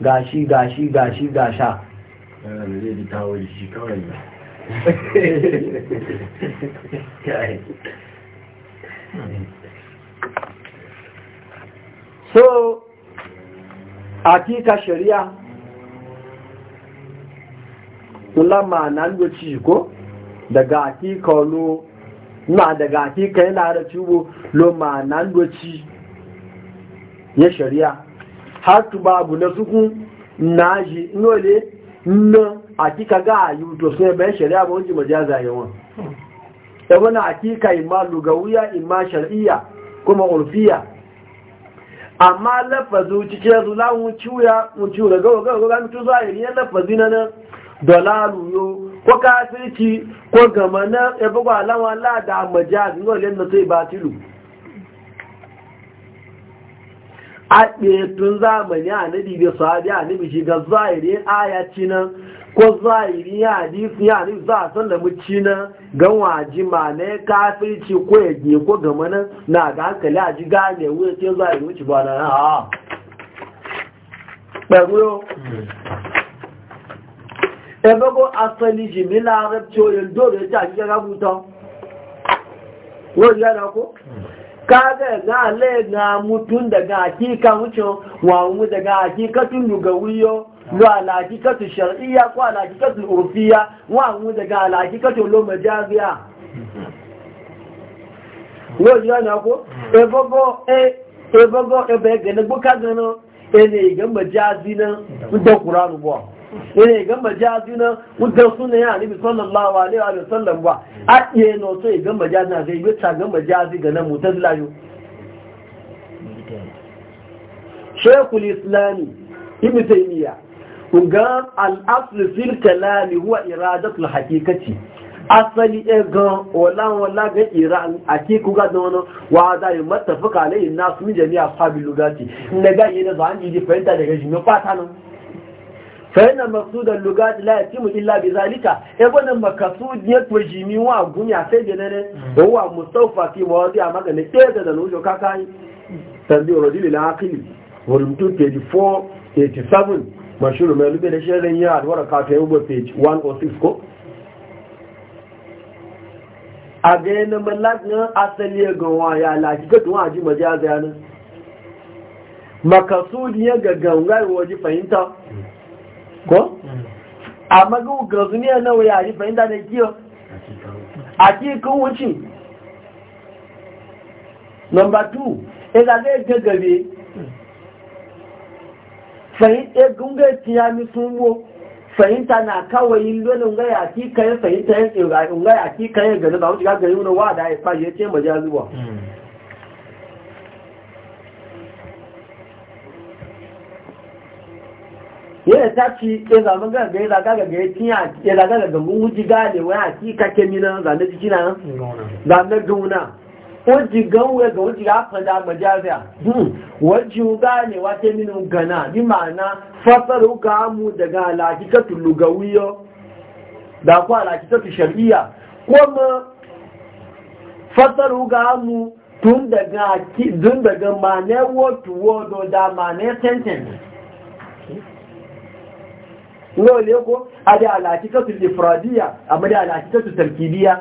gashi gashi gashi gasha eh ne tawili shi kawai so hakika shari'a kula ma'ana lokaci ko daga hakika lo na daga hakika yana da cibo lo ma'ana lokaci ya shari'a har tuba abu na suku na ji nole na akika ga ayu to sai bai shari'a ba wani majaza yawan da wani akika ima lugawuya ima shari'a kuma urfiya amma lafazu cikin zulawun ciwuya mu ciwu da gawa gawa mutu zuwa iriyar lafazi na nan dolaru yo ko kafirci ko gama na ebe ba lawan da majazi yau na sai batilu a tun zamani a nabi da sahabi a nabi shiga zahiri aya cinan ko zahiri ya hadisi ya nabi za a san da muci na gan waji ma ne kafirci ko ya ge ko gama nan na ga hankali a ji gane wuya ce zahiri wuce ba na ha ɗaruyo ebe ko asali jimila rabci oyin dole ya ci a cikin rabuta wani yana ko? kaga ga le na mutun daga hakika wuce wa mu daga hakikatun lugawiyo lo ala hakikatu shar'iyya ko ala hakikatu urfiyya wa mu daga ala hakikatu lo majaziya lo jira na ko e bogo e e yana gama jazi na mudan sunan ya nabi sallallahu alaihi wa sallam ba a iya no so ga majazi na zai wuce gama jazi ga nan mutazila yo shekul islami ibn taymiya ga al-asl fil kalam huwa iradatu al-haqiqati asali gan wala-wala ga iran a ke ga da wani wa da yi matafuka na yi nasu jami'a fabi lugati inda ga yi na zuwa an ji fahimta daga shi fata kwata nan fa'ina maksudan lugati la yatimu illa bi zalika e makasud ne to jimi wa gunya sai da ne wa mustafa fi mawadi a magana sai da dalo jo kakai tambi rodili la aqili volume 2 page 4 87 mashuru mai lube da shirin ya adwara ka ta yugo page 106 ko a ga yana na asali ga ya laji ga tuwa ji makasud ga waje fahimta ko mm. amma ga gazuniya na wuya ji fahimta da kiyo a cikin number 2 ina zai ta gabe na kawai lolin gaya a kikayen fahimta a kikayen gari ba ya ya ce ya ta ci ya zama gaga ya zaga gaga ya tiya ya zaga gaga mun wuji gane wani a ki kake mina zane jiki na zane gauna wajen ganwe ga wajen ya fada majaziya hmm. wajen gane wata mini gana bi ma'ana fasar ga mu daga alakikatu lugawiyo da ku alakikatu shari'a kuma fasar ga mu tun daga ma'anar wotu to da ma'anar sentence yau ne ko a da alaƙiƙatu lifradiya amma da alaƙiƙatu tarkibiya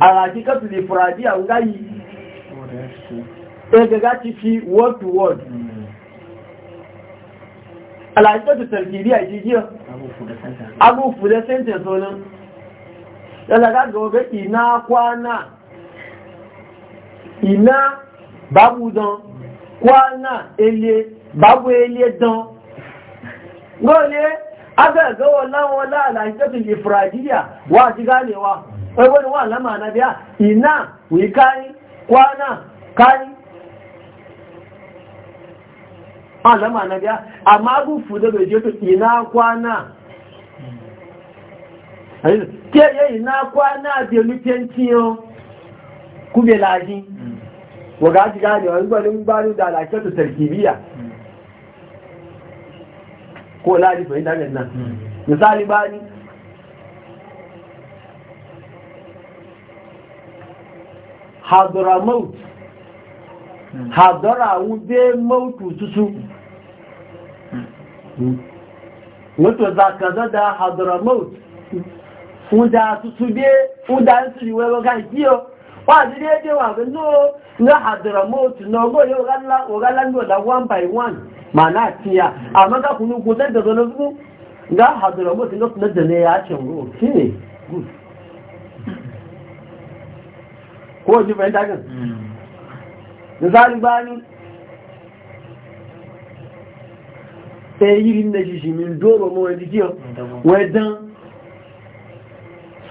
alaƙiƙatu lifradiya ngayi ɗaya eh, ga ci fi word to word alaƙiƙatu tarkibiya ji jiya abubu da sentence wani yana ga gobe ina kwana ina babu don kwana ele babu ele don ngole aka ga wallan wala alaƙatun ifradiya wa ji ganewa wai wani wa lama na biya ina wi kani kwana kani a lama na biya amma gufu da bai jeto ina kwana ke yi ina kwana da lufiyanci yau kube laji mm. wa gaji ganewa wani gwanin bani da alaƙatun tarkibiya ko ladi fahimta ga nan misali bani hadura maut hadura wube mautu susu Mutu zakaza da hadura maut fuda susu be fuda su yi wewa kan kiyo Ko sí déédé wà fún ló ní àdìràmóòtù náà gbọ́ yóò rálá ní ọ̀dá one by one ma náà tí a àmọ́ kákùnrin da tẹ́ dọ̀dọ̀ lọ fún ní àdìràmóòtù náà tún na ya ṣe rò kí ni good kó o ti fẹ́ dágàn nìsáàrí gbá ní èyí rí ní ṣìṣì mi dóòrò mọ́ ẹ̀dí kí ọ wẹ́dán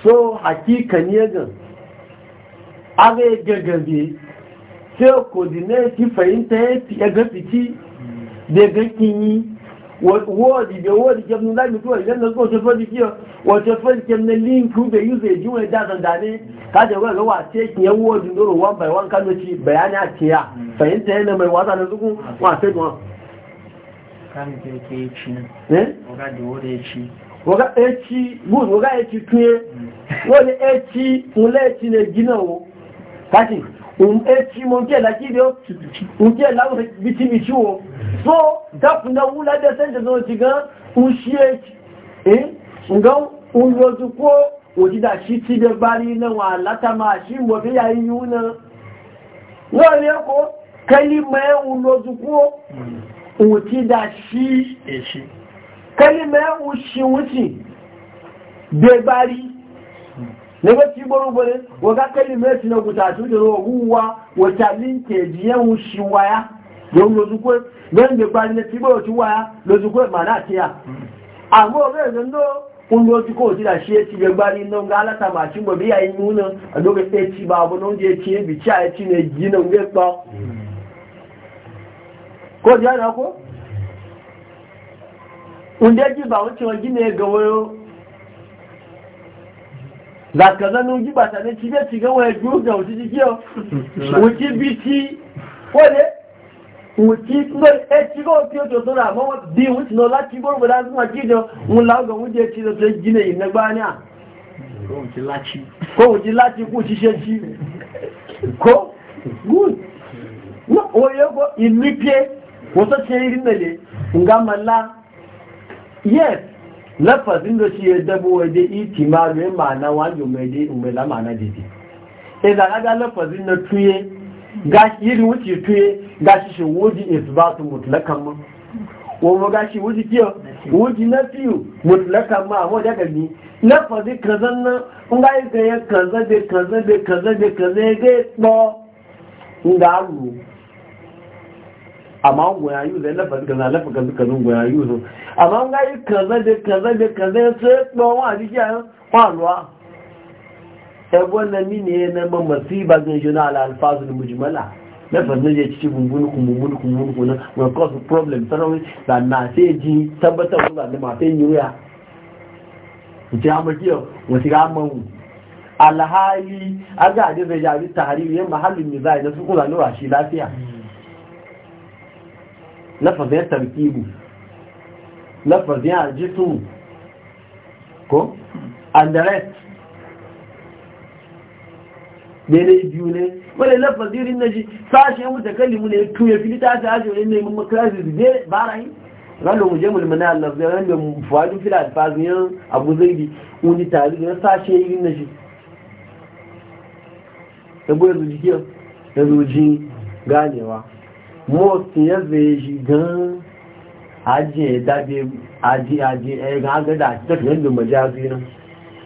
so hakika ni gan. ave gagabe sai coordinate fahimta ya ga fiti da ga kinyi wọ́ọ̀dì da wọ́ọ̀dì kẹm ní láìpẹ́ tó wà ìjẹ́ da, ọ̀tọ́ fẹ́ di kí ọ̀tọ́ fẹ́ di kẹm ní líǹkù bẹ̀ yíò èjì wọn ẹ̀dá àtàndà ní a, ẹ̀wọ́ ẹ̀lọ́wọ́ àti ẹ̀kìn yẹn wọ́ọ̀dì lóró wọn bàí wọn kánú ti bẹ̀yà ní àti yà fẹ̀yìn tẹ́ ẹ̀nà mẹ́wàá tà lọ́sọ́kún wọn àti ẹ̀dùn wọn. wọ́n ká ẹ̀kì tún yẹ wọ́n ni wo. kati um eti eh, monke la kibyo unke um, la biti bichuo so dafuna wula da sanje zo jiga ushie eh ngau unrozuko da shi ti de bari na wa latama shi mo bi ya yuna wo le ko kalima unrozuko da shi eshi kalima ushi uti de bari na ba ci boro bare wa ga kalimati na guta su da ruwa wa talinke biyan shi waya don lo zuko dan da ba ne ci baro ci waya lo zuko ma na tiya amma ga do kun lo ci ko ti da shi ci gba ni non ga ala ta ma ci bo biya yin nuna a do ga sai ci ba bo non je ci bi ci ai ci ne gina ko ja na ko unde ji ba wuce wa gine ga lákàzánú jígbàtà ní ti jẹ́ ti gánwọ̀ ẹgbẹ́ ògbà òtí jí kíọ́ òtí bí tí wọ́lé òtí ẹtí rọ́ tí ó tó tó rà mọ́wọ́ bí òun ti lọ láti gbọ́rùn bọ̀dá fún àkíjọ òun láàgbà òun jẹ́ tí lọ tó jílẹ̀ ìnẹgbá ní à kóhùn ti láti ko ti ṣe tí kó gùn òye yes lafazin da shi ya dabo waje iti ma mai ma'ana wani umarai umarai ma'ana daidai sai e da ga lafazin na tuye ga irin wuce tuye ga shi shi wuji isbatu mutlakan ma wani ga shi wuji kiyo wuji na fiyu mutlakan ma amma daga ni lafazin kazan nan in ga yi kaza da kaza da kaza da kaza ya ga ya tsawo ga alu amma goya yi zai lafa kaza lafa kaza kaza goya yi zo amma ga yi kaza da kaza da kaza sai ɗan wa jiki a kwanuwa ebon na mini na ma masiba ga jona ala alfazu da mujimala na fannin ya ci bumbun kumbun kumbun kunan will su problem sarari da na sai ji tabbatar kuma da mafi yi wuya ji amakiyar wasu ga amanwu alhali aga adin da jari tahari yin mahallin mizai na su kula nura shi lafiya lafazin tarkibu lafazin aljisu ko and the rest daidai biyu ne wadda lafazin rin na ji sashen mutakallimu ne tuye filita ta ajiye ne mun makarasi zai bara yi ranar muje mulmuna allah zai mu fuwadin fila alfazin yan abu zaidi wani tare da sashen rin na ji ta goyar zuji ganewa mọ́tí ya zai shi gan ajiye dabe ajiye ya ga agada a cikin yadda majazi nan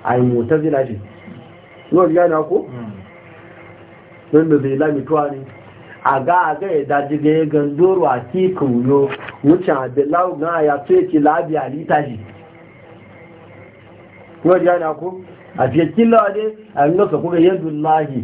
a yi motar zai lashe yau yana ko? wanda zai a ga aga ya daji ga ya gandoro a tikin yo wucin lau na ya ce ki labi a litashi yau yana ko? a fiye kilawa ne a yi nasa kuma yadda lahi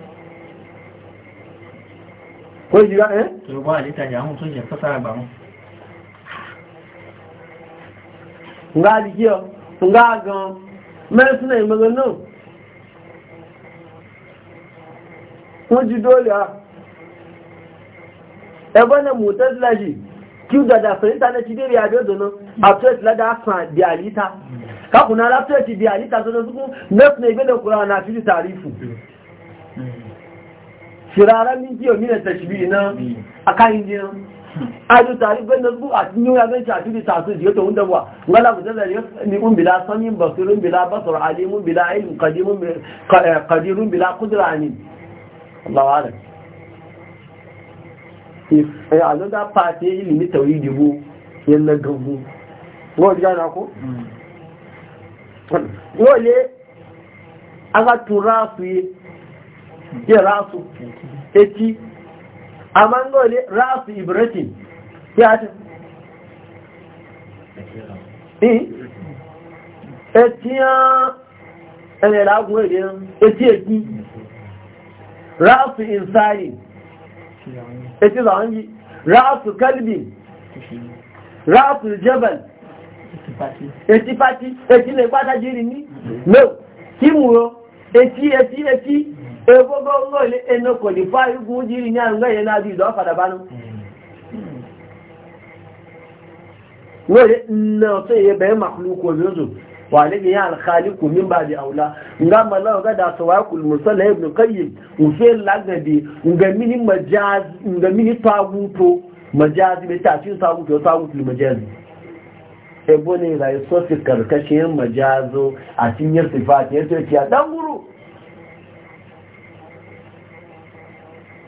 kó ìjìgá ẹ́ yorùbá àlítàjà àwọn tó jẹ fọ́sára ne wọn ǹgá àdìjí ọ ǹgá gan mẹ́sìnà ìmọ̀gẹ̀ náà wọ́n jí dóòlì à ẹgbọ́n náà mú tẹ́sílẹ̀jì kí ó dàdà fẹ́ ìntánẹ́tì dé rí àjọ́dọ̀nà àtúrẹ́tì ládà sàn di àlítà kákùnà alátúrẹ́tì e di àlítà tó lọ sókún mẹ́sìnà ìgbẹ́lẹ̀kùnrin àti tàrífù ṣìràrá ní tí òmìnà tẹ̀ṣìbìrì náà akáyíndí náà ajú tàrí bẹ́ nọ́gbù àti ní orí abẹ́ṣà àti ìta àti ìyẹ́ tó ń dẹ̀wà ngálàbùsẹ́lẹ̀ ní ǹbìlá sọ́ní bàṣírún bìlá na su ke rasu eti amma ngole rasu ibrahim ke ati eh etiyan ẹ̀rẹ̀ lágún èrè etí èkí ráàsù ìsáyì etí lọ́nyí ráàsù kẹ́lìbì ráàsù jẹ́bẹ̀l etí pàtí etí lè no egbogbo ngole eno kwalifa igun jiri nya nga ye na bi do fada banu ngole no to ye be makhluko yozo walege ya alkhaliqu min ba'di aula nga mala ga da sawakul mursala ibn qayyim ufe lagabi cin a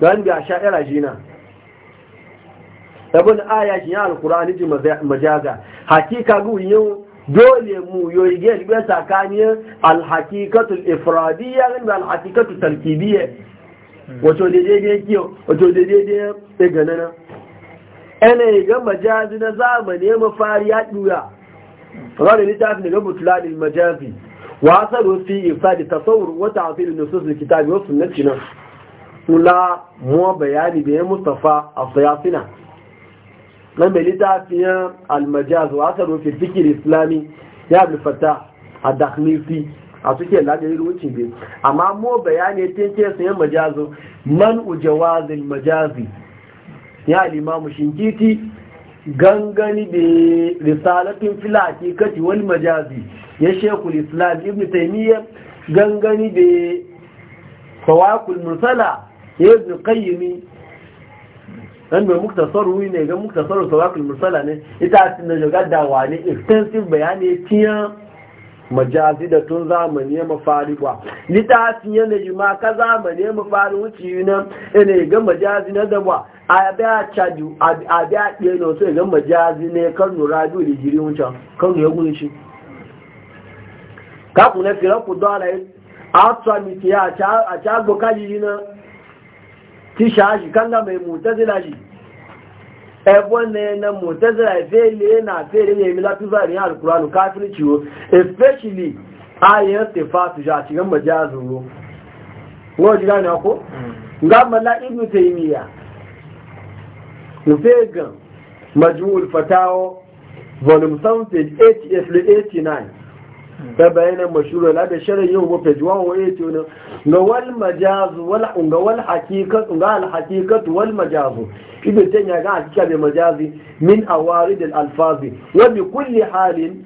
don ga sha'ira shi na abin aya shi ya alkur'ani ji majaga hakika yau dole mu yoyi gel be tsakanin alhakikatul ifradiyya da alhakikatul tarkibiyya wato daidai kiyo wato daidai ya ya ganana ana ga majazi na zamani mafari ya dura fara littafin daga butulalil majazi wa asaru fi ifadi tasawur wa da nusus alkitabi wa na. nan kula muwa bayani da ya mustafa a sayafina nan bai littafiyan almajaz wa aka rufe fikir islami ya bi fata a dakhnisi a suke lagari rucin bai amma muwa bayani ta sun sayan majazo man ujawazin majazi ya al-imam shinkiti gangani da risalatin filati kati wani majazi ya shekul islam ibn taimiyya gangani da fawakul musala ya ibn qayyim dan mai muktasaru ne ga muktasaru sawakul mursala ne ita sun da jogar da wani extensive bayani tiya majazi da tun zamani ya mafari kwa littafin yana yi ma ka zamani ya mafari wuce yi nan yana ga majazi na dabuwa a biya caju a biya ɗaya na wasu ga majazi ne kan nura biyu da jiri wucin kan ya gudu shi kakuna firar ku dole a tsamiti a cago kaji yi na. ti shaji kanga mai mutazila shi ẹgbọ́n e na ẹna mutazila e na fere ne emila tuza ni alkuranu kafin ciwo especially ayyar tefa su sha cikin majiya zuru wọ́n ji gani ako mm. ga mala ibnu taimiyya nufe gan majmu'ul fatawa volume 7 89 ta bayyana mashuru la da sharin yau mafi jiwa wa ya ce wani ga wal majaz wal ga wal haqiqat ga al haqiqat wal majaz majazu ibn ya ga haqiqa bai majazi min awarid al alfazi wa bi kulli halin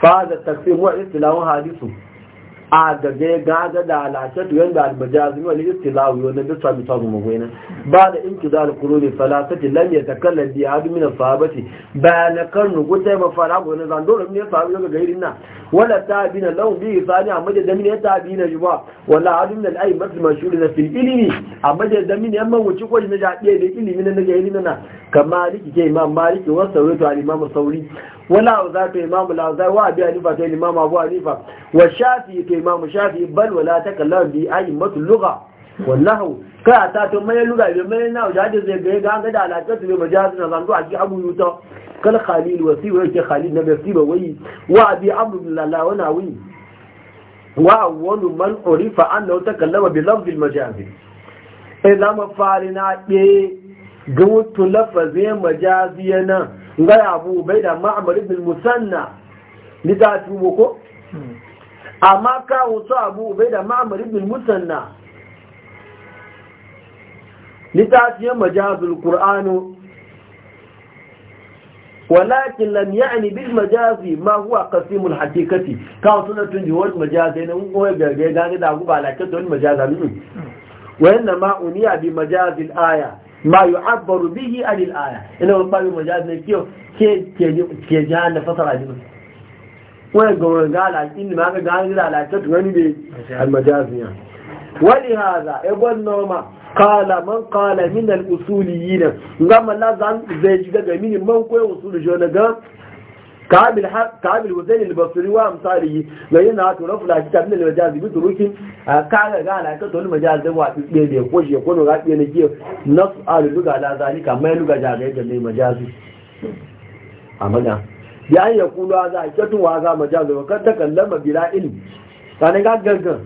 fa hadha taqsim wa istilahu hadithu a zai gaza da alashatu yadda almajazin wani istilawi wani duk sami samu magwai ba da in ki zara kuro ne falasati lam ya takalla biya hadu minan sahabati ba na karnu gutai ma fara ko ne zan dole ne sahabi daga gairin na wala na lahu bi sani a majalda min ya tabina ba wala hadu min ayi masu mashhur na fil ilimi a majalda min ya man wuce ko ne da da ilimi na gairin na Kamar liki ke imam maliki wasu sauri to a imam sauri wala auza to imamu la auza wa abi hanifa to imamu abu hanifa wa shafi to imamu shafi balwa bal wala takallam bi aimmatul lugha wallahu ka ta to mai lugha bi mai na auza da zai ga ga ga da alaƙatu bi majazina na do a ji abu yuto Kan khalil wasi wa yake khalil na gafi ba wai wa abi abdullah wa awi. wa wani man an urifa annahu takallama bi lafzil majazi idan mafarina ke ga wutu lafazin majaziyana gaya abu bai da ma'amar ibn musanna ni ta tubo ko amma kawo su abu bai da ma'amar ibn musanna ni ta fiye majazul qur'anu walakin lam ya'ni bil majazi ma huwa qasimul haqiqati kawo suna tun ji wani majazi ne ko koyar gargaye ga da ba alaƙar da wani majazi ne inna ma uniya bi al aya ma yu'abbaru bihi alil aya ina mun fara majaz ne kiyo ke ke jahan da fasara ji wani gawar gala inda ma ga gani da alaƙar tunani ne ya wani haza ebon noma kala man kala minan usuli yi nan gama lazan zai ji daga mini man koya usuli shi wani gan kamil hussein al-basri wa misali ga yana haka na fula shi tabi da majazi bi turuki ka ga gana ka tolu majazi wa fi tsaye da ko shi ko no rafi ne ke na tsari duka da zani ka mai luga jaga yadda mai majazi a maga ya yi ya kulu a za a ketun wa za majazi wa kan takan lama bira ilmi sani ga gangan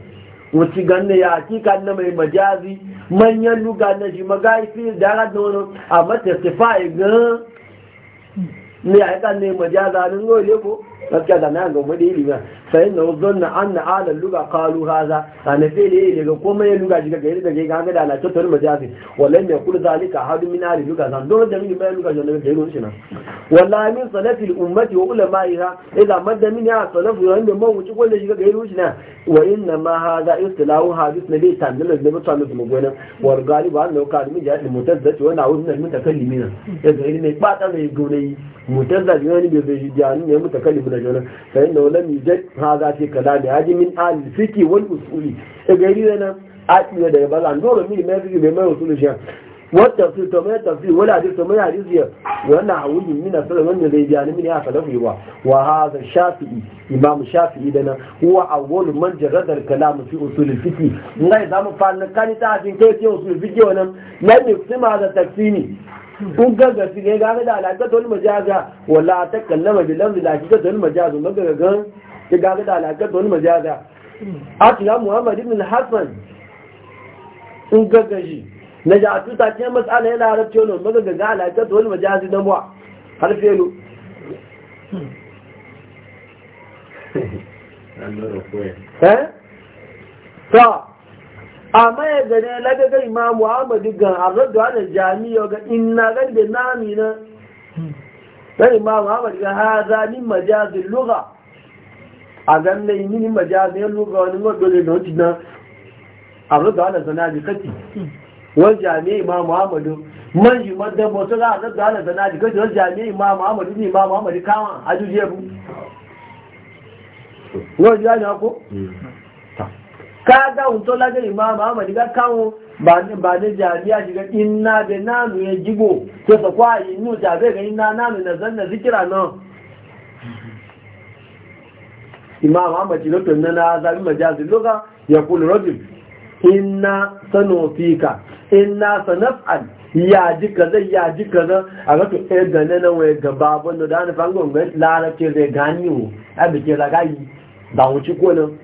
wuci ganna ya ci kan na mai majazi manyan luga na shi magaifi da ya radu a matasifa igan ni a yi kan ne majaza nan yau lebo gaskiya da na gama da ilimi sai na zon na an na alal luga kalu haza a na fere yi daga komai ya luga shiga gari daga ga da na tattar majasi wallahi mai kula zalika hadu min ali luga zan don da mini bayan luga shi daga gari shi na wallahi min salafi ummati wa ulama iha idan madda min ya salafu yayin da mawuci kullu shiga gari shi na wa inna ma haza istilahu hadith dai tanzila da mutane su magana war galiba an ka min jahil mutazzati wa na min mutakallimin ya gari ne ba ta mai gure mutazzati wani bai bai jani ne mutakallimin da jona sai da wala mi ha za ce kalami haji min al fiki wal usuli e gari da nan a tiyo da ba zan dole mi mai fiki bai mai usuli shi wata su to mai wala to mai hadis ya wannan hawuji min asal zai ji alimi ya wa wa hadha shafi'i imam shafi'i da nan huwa awwal man jarrada al kalam fi usul al ngai kan ta kai usul wannan nan ne da kun gaga su ne gaga da alaƙatul majaza wala ta kallama bi lamzi la kikatul majaza magagagan ya gaga da alaƙatul majaza atila muhammad ibn hasan kun gaga shi na ja tuta ce matsala yana arabci wani magagaga alaƙatul majaza na muwa har felo eh? ta amma ya gane lagaga imamu ahmadu gan arraddu ala jami'a ga ina gan da nami na dan imamu amadu ga haza min majazin luga a gan yi mini majazin luga wani ma dole da wancin nan arraddu ala zanadikati wani jami'a imamu amadu man yi madan bautu ga wani ala zanadikati wani jami'a imamu amadu ne imamu amadu kawan ajujiyar wani jami'a ko hmm. ka ga hunto la gani ma Muhammad ga kawo ba ne ba ne jariya shiga inna da nanu ya jigo to sa kwa yi nu ta be ga inna nanu na zanna zikira no Imam Muhammad ji lokacin nan na zabi majazi loka ya kula rajul inna sanofika inna sanaf'al ya ji kaza ya ji kaza a e ga to eh ga nan wai ga babun da na fangon ga larabci zai gani wo a bike zagayi ba wuci ko nan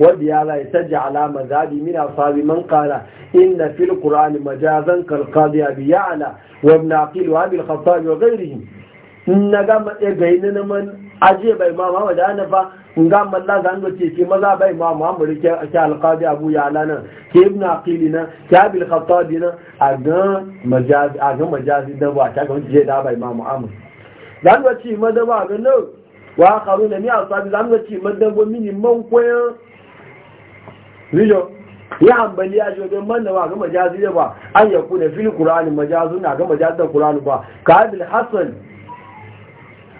wadda ya zai ta ji alama zaɓi mina sabi man kala inda fil ƙura'ani majazan karkaziya bi ya ala wadda fil wa bil khattabi wa gairi na gama ɗaya ga yi na man aje bai ma ma wadda ana fa in ga malla ga ando ce ke maza bai ma ma mu rike ake alƙaɗi abu ya ala nan ke ibn aqili nan ke abil khattabi nan a ga majazi da ba ta ga wani je da bai ma mu amur. za mu ga ci madaba ga nan wa karu da ni a sabi za mu ga mini man rijo ya ambali ya jo don manna wa ga majazi ya ba an ya kuna fil qur'ani majazu na ga da qur'ani ba ka abil hasan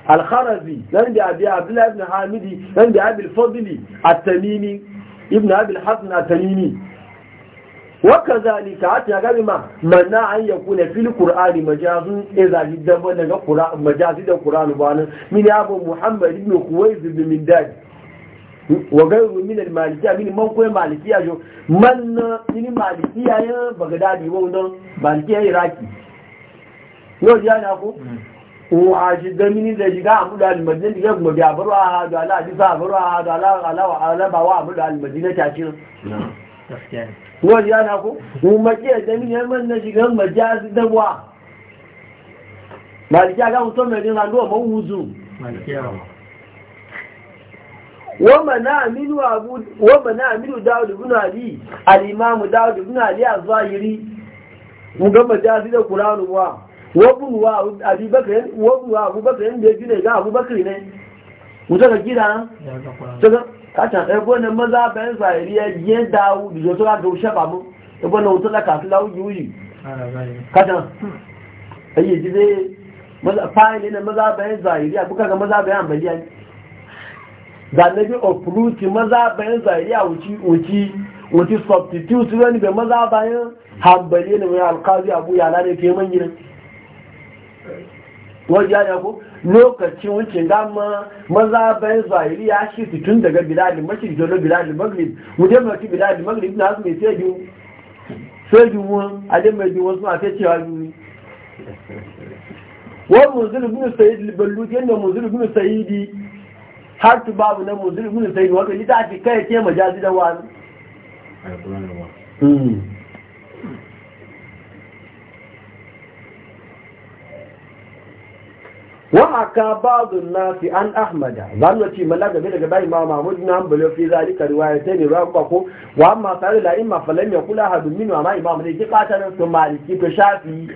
al-kharazi dan da abi abdullah ibn hamidi dan da abi al-fadli at-tamimi ibn abi al-hasan at-tamimi wa kadhalika ata gabi ma manna an yakuna fil qur'ani majazun idza e jidda daga qur'an majazi da qur'ani ba nan min abu muhammad ibn kuwaiz ibn mindad wa gairu min malikiya min man koyi malikiya jo man na mini malikiya ya bagdadi wa don malikiya iraki yo ji ana ko o a shi da mini da shiga a mudu al madina diga kuma bi abaru a da ala di sa abaru a da ala ala a ala ba wa abu da al madina ta ci yo ji ana ko mu makiya da min man na shiga majazi da wa malikiya ga mutum ne ran do mawuzu malikiya ومنع منه أبو ومنع منه داود بن علي الإمام داود بن علي الظاهري Wa جاسد wa ga Abu Bakr ne mutaka gida daga kacha ebo ne maza ben zahiri ya je Dawud yo to ga usha ba mu ko ne utala ka tula uji uji kacha ayi jide maza fa'ile ne maza zahiri abuka ga maza ambaliya da na bi ofruti maza bayan zariya wuci wuci wuci substitute wani bai maza bayan hambali ne mai alkazi abu yana ne ke man gina wajen yana ko lokacin wucin dama maza bayan zariya ya shi tun daga da mashin jolo bilalin magrib wajen mafi bilalin magrib na su mai sai biyu sai biyu wani adin mai biyu wasu mafi cewa biyu wani munzir bin sayid balluti yadda munzir bin sayidi har babu na muzuri mun sai wato ita ake kai ke majazi da wani hmm. wa haka ba'd an-nasi an ahmada zanna ci malaga daga bai ma mahmud na ambalo fi zalika riwaya ta ne ba ko wa amma sai la imma ya kula hadu min wa ma imam ne ki qatarin su maliki ta shafi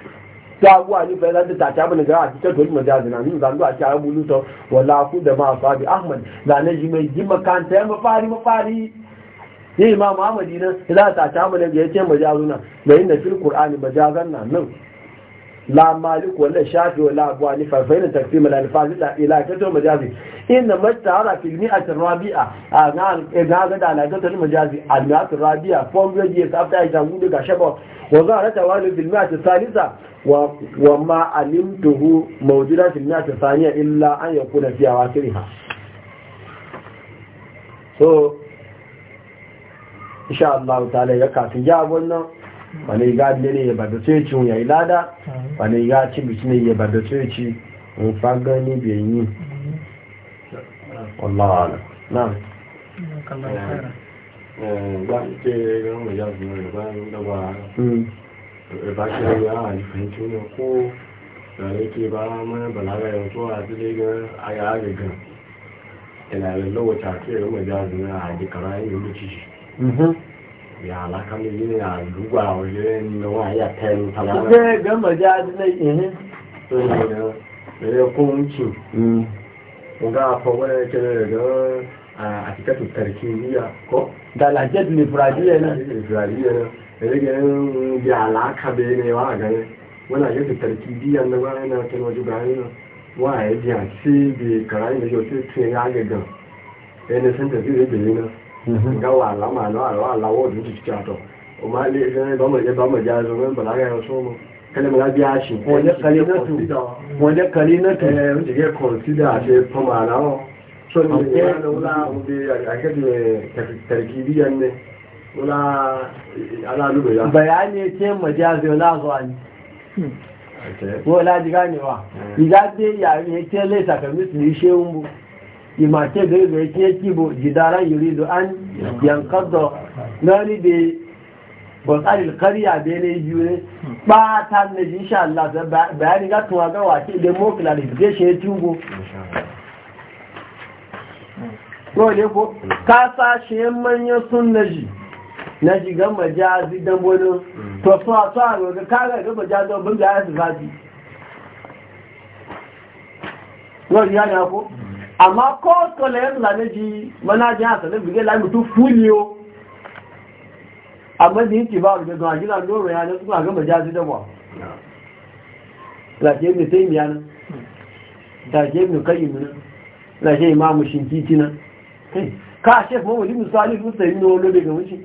ta abuwa ni fa zan ta ta bani a cikin dole majazi na min zan a ta bulu to wala ku da ma sabi ahmad da ne ji mai jima kan ta ma fari ma fari ne za ga da inna fil qur'ani na nan la wala shafi wala matara fil mi'at rabi'a anan ga ga da la kato majazi al mi'at rabi'a ita gudu ga wa وما علمته موجودا في المئة الثانية إلا أن يكون في أواخرها so insha Allah ta'ala ya kafin ya wannan wani ga ne ya bada tsoci ya ilada wani ga ci bisne ya bada tsoci mun faga ne bai yi Allah ala na'am kan ba eh, ce ga mu ya zuwa ba ba shi ne ya yi fahimci ne ko da yake ba mana balaga yanzu a zile ga a ya riga ina da lowace a kera majazi na a ji kara yin luci mhm. ya alaka mai yi na duba a wajen na wa ya tayin talaba ne ga majazi na ihin so ne da ya kunci mm. ga fawo ne ke da a cikin tarkiyya ko da lajed ne furadiya ne rigayen e ya alaka bai ne wa a gane wani ayyar da tarkibiya na bayan na kan waje bayan na wa a yi biya ce bai karayi da yau sai tun ya agaga ya ne san tafi zai bai na ga wa alama na wa alawa da su cikin ato kuma ne ganin ba mu ya ba mu ya zo mai balaga ya so mu kada mu biya shi wani kalinatu wani kalinatu eh wuce ya consider sai fama na so ne ya na wula a kaje tarkibiyan ne bayani ce majazi wala zuwa ne wala ji ganewa eh. igabe yare ya ce laisa ka misli shehun bu imace gari ga yake kibo jidaran da an yankar da nani da tsarin karya da yanayi biyu ne ba ta na ji insha Allah bayani ga tuwa ga wace da mo clarification ya tungo ko ne ko ka sa shi sashe manyan sun na ji na shiga mm. majazi don mm. wani to su a su a roga kare ga majazi abin da ya su faji wọ́n yá ni a kó àmá kọ́ọ̀tọ̀ lẹ́yìn lànà jí mọ́nájá àtàlẹ́ ìgbìgẹ́ láìmù tó fúlì o àmọ́dí ti bá òjòdó àjílà lóòrò ya lọ́tún àgbẹ̀mọ̀já sí dẹ́wà làṣẹ́ ìmì tẹ́ ìmì yaná làṣẹ́ ìmì kẹ́yìn mìíràn làṣẹ́ ìmá mùsùn títí náà káà ṣe fún mushi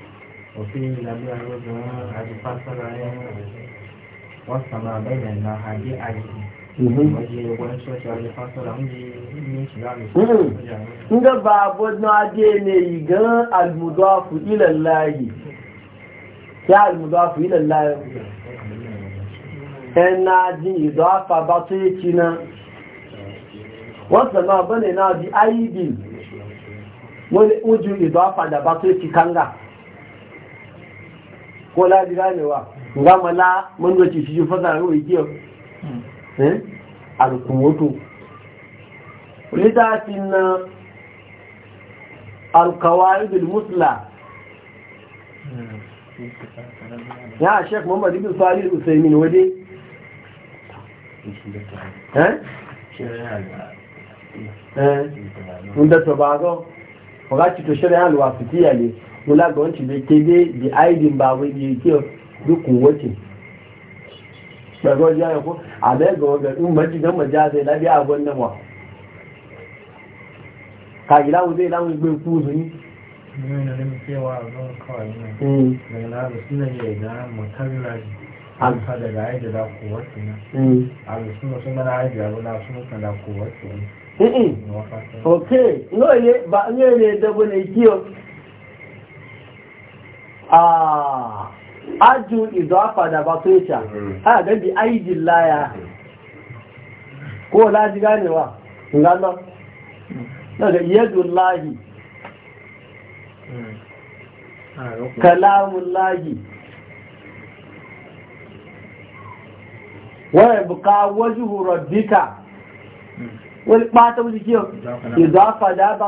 وفيه لبيع وزمان عدي فاسر عليهم والسماء بين النهاجي عليهم Nga babu na ade ne yi gan almudafu ilan layi, ya almudafu ilan layi, ẹna ji idafa ba tó yé kí na, wọ́n sọ náà náà di aibin, wọ́n ju idafa da ba tó yé kí kanga. ko laji ganewa ga mala mun zo ci shi fasa ga wai kiyo eh alkuwato litatin alqawaid almusla hmm. ya sheikh muhammad ibn salih al-usaymin waje eh eh unda tobago wakati to sheria alwasitia ni kula ga wancin da ke dai da aibin ba wani ya ke dukkan wace wajen ko a bai ga wajen in maji don maji zai labi a gwanna wa ka gila mu zai lamun gbe ku su yi an fada mm. da aiki da kowace na a lusunan sun mana aiki da lusunan da kowace ne ok no ye ba ne ne dabo ne kiyo a ah, aju idafa da ba soja a ga bi aidin laya ko laji ganewa ngana daga yadun lahi mm. ah, kalamun lahi Wani ẹ̀bùká wọ́júhù rọ̀díkà wọ́n Wani ɓata jí kí ọ̀ ba àfàdà bá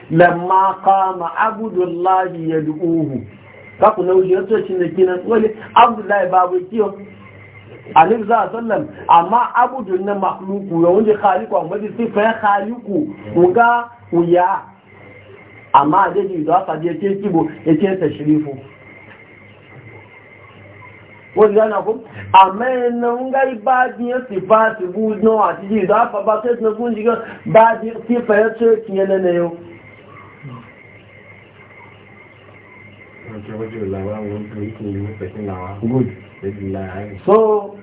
lamma kama abudullahi ya du'uhu kaku na wuce yato shi da kinan wani abdullahi babu kiyo a nufi za a sallan amma abudun na makhluku ya wunje khaliku a da sai ya khaliku wuga wuya amma a jeji za ka je ce kibo ya ce ta shirifu wọ́n yánà fún àmẹ́ẹ̀nà yi gáyí bá bí i sì bá ti bú náà àti jí ìdá àpapá tẹ́tìnà fún jígán bá bí i fẹ́ tó kìí ẹlẹ́nà Good. So,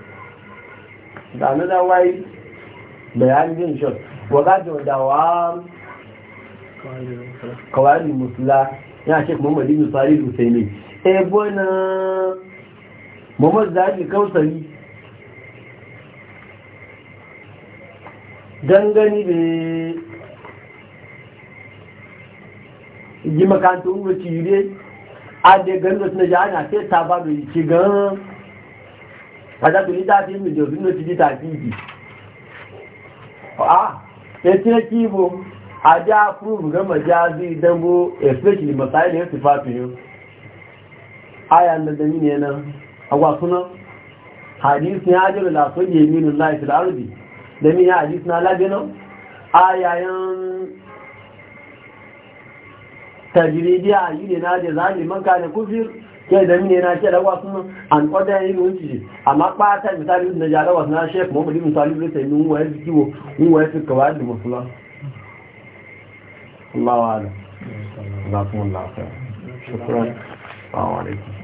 another way, behind the shot, wakati da wa kawai musula ya ce muhammadu bin salih husaini ebo na muhammadu zaɓi kausari dangane da yi makantun wuce yure adẹ́gẹ́ ló ah, e na lẹ́yà àyà tí ta lò yìí ṣe gan-an àjábì ní dáadé ìmìdì òfin ló ti dí tàbí ìdì ẹ̀tí ẹ̀kí ìbò adé àpúrùbù gẹ́mọ̀ jẹ́ azú ìdánwò ẹ̀fẹ́kì ní mọ̀sáìlì ẹ̀sì fàfihàn àyà nàdẹ̀mí ni ẹ̀nà agbàsúná àdísìn ajẹ́rẹ̀ làsóyè mínú láìsí lárùbì lẹ́mí àdísìn alágbẹ́ná àyà yẹn tajiri a yi ne na da zane manka da kufir ke da mine na ke da wasu an kwada yi da wuce amma ɓata misali na jara wasu na shek mu mulim misali da sai mun waye fi kiwo fi kawai da musulman Allah wa Allah kuma Allah. Shukran. Assalamu alaikum.